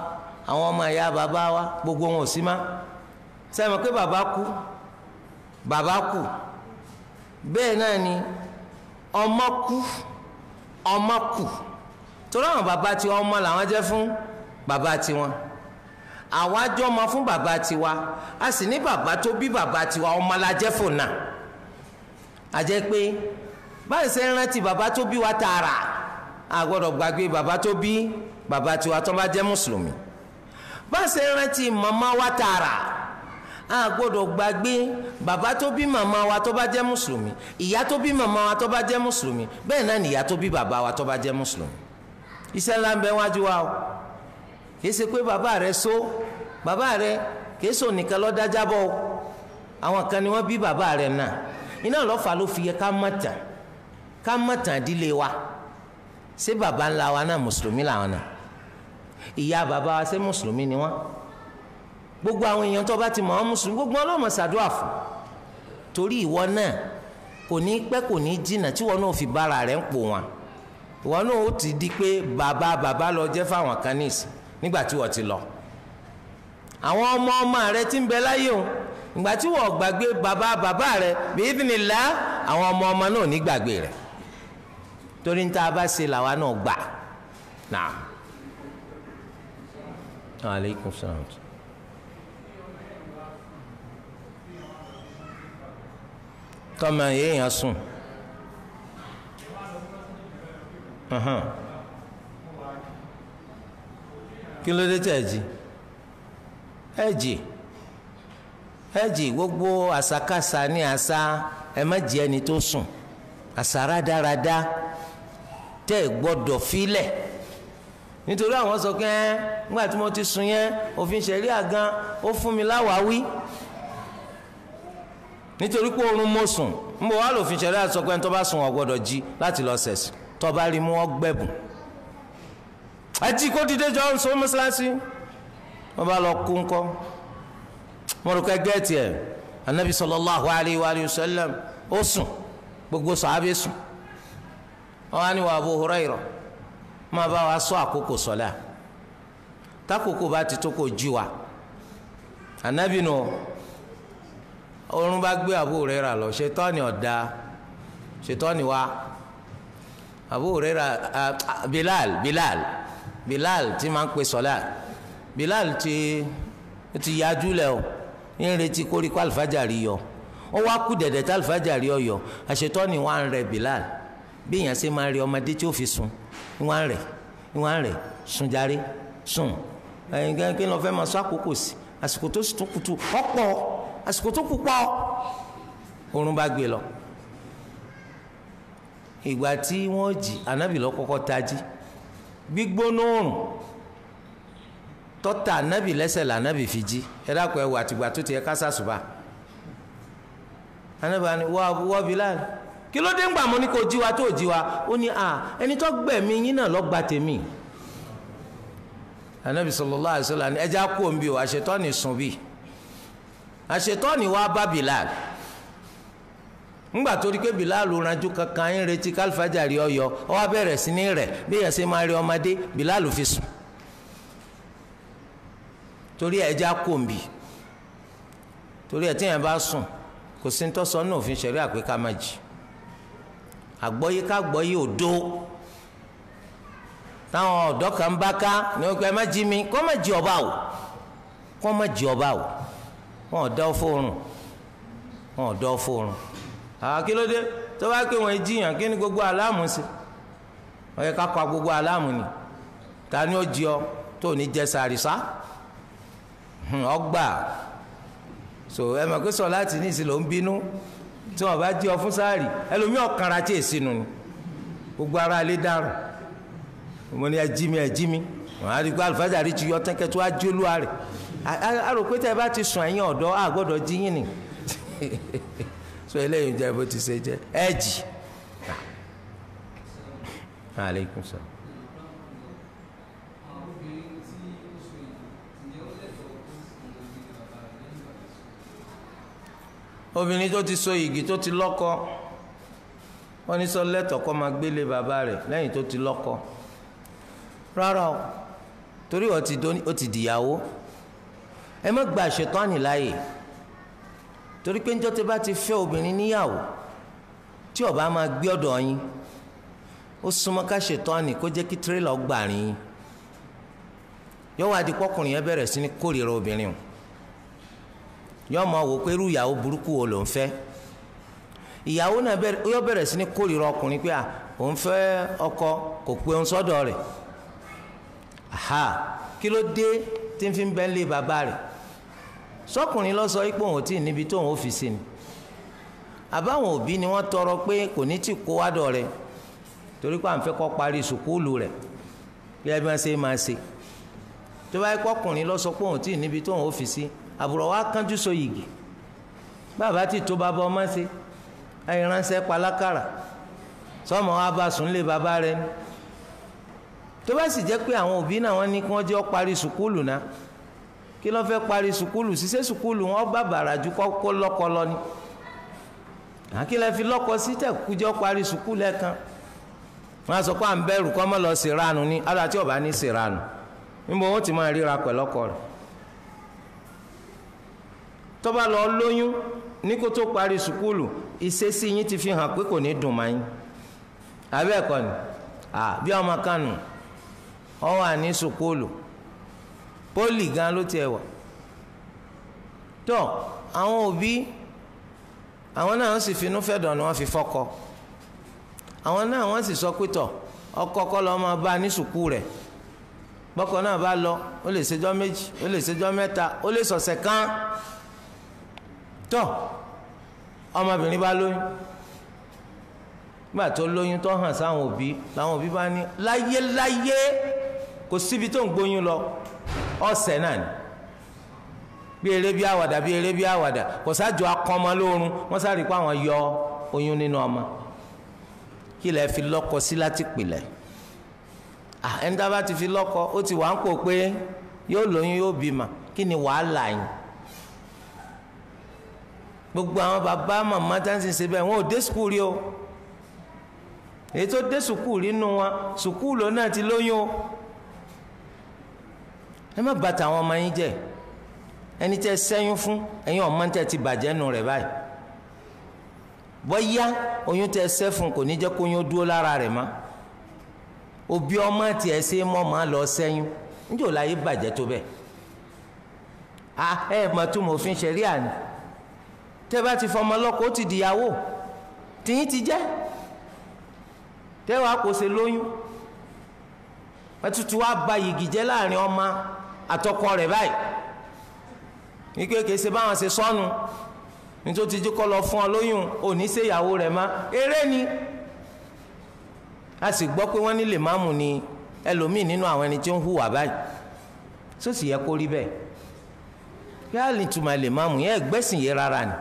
àwọn ọmọ ìyá bàbá wa gbogbo wọn ò sí má sẹ́mi pé bàbá kú bàbá kú bẹ́ẹ̀ náà ni ọmọ kú ọmọ kú torí àwọn bàbá tí ọmọ làwọn jẹ́ fún bàbá tiwọn àwa jọ ọmọ fún bàbá tiwa a sì ní bàbá tó bí bàbá tiwa ọmọ la jẹ́ fún àjẹ́ pé báyìí ṣe ń rántí bàbá tó bí wa tààrà a gbọ́dọ̀ gbàgbé bàbá tó bí bàbá tiwa tó bá jẹ́ mùsùlùmí bá a ṣe rántí màmá wa tààrà a gbọ́dọ̀ gbàgbé bàbá tó bí màmá wa tó bá jẹ́ mùsùlùmí ìyá tó bí màmá wa tó bá jẹ́ mùsùlùmí bẹ́ẹ̀ náà nìyá tó bí bàbá wa tó bá jẹ́ mùsùlùmí iṣẹ́ ńlá ń bẹ wájú wa o kì pé bàbá rẹ so bàbá rẹ kì nìkan lọ dájá bọ o àwọn kan ni wọ́n bí bàbá rẹ náà iná lọ́fà ló fi yẹ ká mọ̀tàn ká mọ̀tàn ìdílé wa. Se baba ńlá wa náà mùsùlùmí làwọn náà ìyá baba wa ṣé mùsùlùmí ni wọn gbogbo àwọn èèyàn tó bá ti mọ̀ ọ́ mùsùlùmí gbogbo wọn ló mọ̀ ṣàdúrà fún torí ìwọ náà kò ní pẹ́ kò ní jìnnà tí wọn náà fi bára rẹ̀ ń pò wọn ìwọ náà ó ti di pé bàbá bàbá lọ jẹ́ fáwọn kan nígbà tí wọ́n ti lọ àwọn ọmọ ọmọ rẹ ti ń bẹ láyé o ìgbà tí wọ́n gbàgbé bàbá bàbá rẹ bí ìdílé la àwọn ọmọ ọmọ náà ní gbàgbé rẹ̀ torí ní tá a bá ṣe làwa náà gbà tọ́mọ èèyàn sùn. kí ló dé ẹ ẹ gbogbo àṣàkáṣà ní àṣà ẹ má ẹni tó tẹ́ ẹ gbọ́dọ̀ filẹ̀ nítorí àwọn sọ pé ẹ nígbà tí mo ti sùn yẹn òfin ṣẹ̀rí àgan ó fún mi láwàáwí nítorí pé oorun mo sùn ń bọ̀ wá lòfin ṣẹ̀rí àti sọ pé tó bá sùn wọn gbọ́dọ̀ jí láti lọ sẹ̀sì tó bá rí mú wọn gbẹ̀bùn àti kó dìde jọ ń sọ mọ́ṣáláṣí wọ́n bá lọ kú ńkọ́ mo rò pé gẹ́ẹ̀tì ẹ̀ anabi sallallahu alayhi wa sallam ó sùn gbogbo sàábé sùn wọn á ní wa Abu Hurairah máa bá wa sọ àkókò sọlá takoko bá ti tó kò jí wa anabi nù oorun bá gbé Abu Hurairah lọ ṣètọ́ni ọ̀dà ṣètọ́ni wa Abu Hurairah Bilal Bilal Bilal ti máa ń pè sọlá Bilal ti ti yájú lẹ o ń retí kórìkó alifájà rí yọ ó wá kú dẹ̀dẹ̀ tá alifájà rí ọ yọ àṣetọ́ni wa ń rẹ Bilal bí èèyàn ṣe máa rí ọmọdé tí ó fi sùn ìwọ̀n rẹ̀ ìwọ̀n rẹ̀ sùn járe sùn ẹ̀yìn kí ló fẹ́ máa sọ àkókò sí àsìkò tó sì tó kutu ọ̀pọ̀ àsìkò tó kù pọ̀ oorun bá gbé lọ ìgbà tí wọ́n jí anábì lọ kọ́kọ́ tají gbígbóná oòrùn tọ́ta anábì lẹ́sẹ̀ là anábì fi jí ẹ dákun ẹ wò àtìgbà tó ti ẹ kásá ṣùbà anábì wa ni láàrin. kí ló dé ń gbà mọ́ ní kò jíwa tó jíwa ó ní à ẹni tó gbẹ̀mí yín náà ló gba tèmi anabi sallallahu alaihi wasallam ẹja kú omi o àṣetọ́ni sùn bí àṣetọ́ni wá bá Bilal ńgbà torí pé Bilal ranjú kankan ń retí kálífàjárì ọyọ ó wá bẹ̀rẹ̀ sí ní rẹ̀ bí yẹn ṣe máa rí ọmọdé Bilal fi sùn torí ẹja kú omi torí ẹ̀ tí yẹn bá sùn kò sí ń tọ́sọ náà òfin ṣẹ̀rí àpéká má jì àgbọ́yé ká gbọ́yé òdo táwọn ọ̀dọ́ kan bá ká ní wọ́n pẹ́ má jí mi kọ́ má jí ọba o kọ́ má jí ọba o wọn ò dá fóorùn wọn ò dá fóorùn àwọn akílódé tó bá pé wọn jiyàn kí ni gbogbo aláàmù sí wọ́n yẹ ká kọ́ gbogbo aláàmù ni ta ni ó jí ọ tó ní jẹ sàrìsá ọgbà so ẹ mọ̀ pé sọ láti ní ìsìn ló ń bínú tí wọn bá jí ọ fún sáàrì ẹlòmíì ọ̀kanra tí èsì nù ni gbogbo ara lè dàrú mo ní ẹjí mi ẹjí mi wọn á rí i pé àlùfáàjà rí ti yọ tẹ́kẹ́ tó á jí olúwa rẹ̀ á rò pé tẹ́ ẹ bá ti sùn ẹ̀yìn ọ̀dọ́ àgọ́dọ̀ jí yín ni so eléyìí jẹ́ bó ti ṣe jẹ́ ẹ̀jì. Alaikum salaam. obìnrin tó ti so igi tó ti lọ́kọ wọ́n ní sọ lẹ́tọ̀ọ́ kó máa gbélé bàbá rẹ̀ lẹ́yìn tó ti lọ́kọ rárá o torí ó ti dìyàwó ẹ má gba Ṣẹ̀tánì láàyè torí pé níjọ́ tí bá ti fẹ́ obìnrin níyàwó tí ó máa gbé ọ̀dọ̀ yín ó súnmọ́ ká Ṣẹ̀tánì kó jẹ́ kí tírélà ọgbà rìn yín yọ̀wọ́ adìpọ́kùnrin yẹn bẹ̀rẹ̀ sí ní kórìíra obìnrin o yóò máa wò pé irú ìyàwó burúkú wo ló ń fẹ́ ìyàwó náà yóò bẹ̀rẹ̀ sí ní kórìíra ọkùnrin pé à òun fẹ́ ọkọ kò pé òun sọ́dọ̀ rẹ̀ aha kí ló dé tí ń fi bẹ́ẹ̀ lé bàbá rẹ̀ sọkùnrin lọ sọ pé òun ò tí ì níbi tóun ò fi sí ni àbáwọn òbí ni wọ́n tọrọ pé kò ní tí kó wádọ̀ rẹ̀ torí pé à ń fẹ́ kọ́ parí sùkúlù rẹ̀ bí ẹbí wọn ṣe máa ṣe tó bá yẹ kọkùnrin lọ sọ pé òun tí níbi tóun ò fi sí ni àbúrò wa kánjú so yìgì bàbá ti tó bàbá ọmọ ṣe ẹyin ránṣẹ́ palákàrà sọmọ wa bá sùn lé bàbá rẹ ni tó bá sì jẹ́ pé àwọn òbí náà wọ́n ọ parí sùkúlù náà kí ló fẹ́ sukulu ṣiṣẹ́ sukulu wọn bá bàrà ju kọ́kọ́ lọ ni àkí lẹ́ fi lọ́kọ sí parí sukulu ẹ̀ wọn sọ pé à ń bẹ̀rù kọ́ mọ́ lọ ni ní níbo wọn ti máa ríra tó bá lọ lóyún ní kó tó parí sùkúlù ìṣesí yín ti fi hàn pé kò ní dùn máa yín àbẹ́ ẹ̀kọ́ ni bí ọmọ kanu ọ wà ní sùkúlù pólì gan ló tiẹ̀ wà tó àwọn òbí àwọn náà sì finú fẹ́ dàn ni wọ́n fi fọ́kọ àwọn náà wọ́n sì sọ pé tọ̀ ọkọ kọ́ lọ́ọ́ máa bá ní sùkú rẹ̀ bọ́kọ náà bá lọ ó lè ṣèjọ́ méjì ó lè ṣèjọ́ mẹ́ta ó lè sọ̀sẹ̀ kan tó ọmọbìnrin bá lóyún nígbà tó lóyún tó hàn sáwọn òbí làwọn òbí bá ní láyéláyé kò síbi tó ń gbóyún lọ ọ̀sẹ̀ náà ni bí eré bí àwàdà bí eré bí àwàdà kò sáàjọ akọmọ lóorun wọn sáré pé àwọn yọ oyún nínú ọmọ kí lẹ fi lọ́kọ sí láti pìlẹ̀ ẹni tá a bá ti fi lọ́kọ ó ti wà ń pò pé yóò lóyún yóò bímọ kí ni wàhálà yìí gbogbo àwọn bàbá màmá tá à ń sìn ṣe bẹ́ẹ̀ wọn ò dé sùkúù rí o èyí tó dé sùkúù rí nu wọn sùkúù lọ náà ti lóyún o ẹ má bà tàwọn ọmọ yín jẹ́ ẹni tẹ́ ṣẹ́yún fún ẹ̀yin ọmọ tẹ́ ti bàjẹ́ nu rẹ̀ báyìí bọ́yá oyún tẹ́ ṣẹ́ fún kò ní jẹ́ kó oyún dúró lára rẹ̀ mọ́ òbí ọmọ tiẹ̀ ṣe mọ́ mọ́ lọ ṣẹ́yún níjọ́ láyé bàjẹ́ tó bẹ́ẹ̀ ah ẹ̀ mọ̀ tó mọ̀ òfin ṣẹ̀ríà ni tẹ́ bá ti fọmọ lọ́kọ ó ti dìyàwó tìyín ti jẹ́ tẹ́wàá kò ṣe lóyún ẹtùtù wa ba yìgì jẹ́ láàrin ọmọ àtọkọ rẹ̀ báyìí ní kéèké ṣe báwọn ṣe sọnù nítorí ti kọ́ lọ fún ọ lóyún òní ṣèyàwó rẹ̀ má eré ni a sì gbọ́ pé wọ́n ní lèmáàmù ni ẹlòmíì nínú àwọn ẹni tí ń hùwà báyìí sósì yẹ kó rí bẹ́ẹ̀ kí á lè túmọ̀ ẹgbẹ́sìn yẹ rárá ni.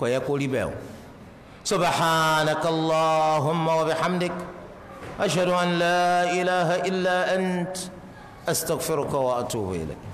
كويا كولي بيو سبحانك اللهم وبحمدك أشهد أن لا إله إلا أنت أستغفرك وأتوب إليك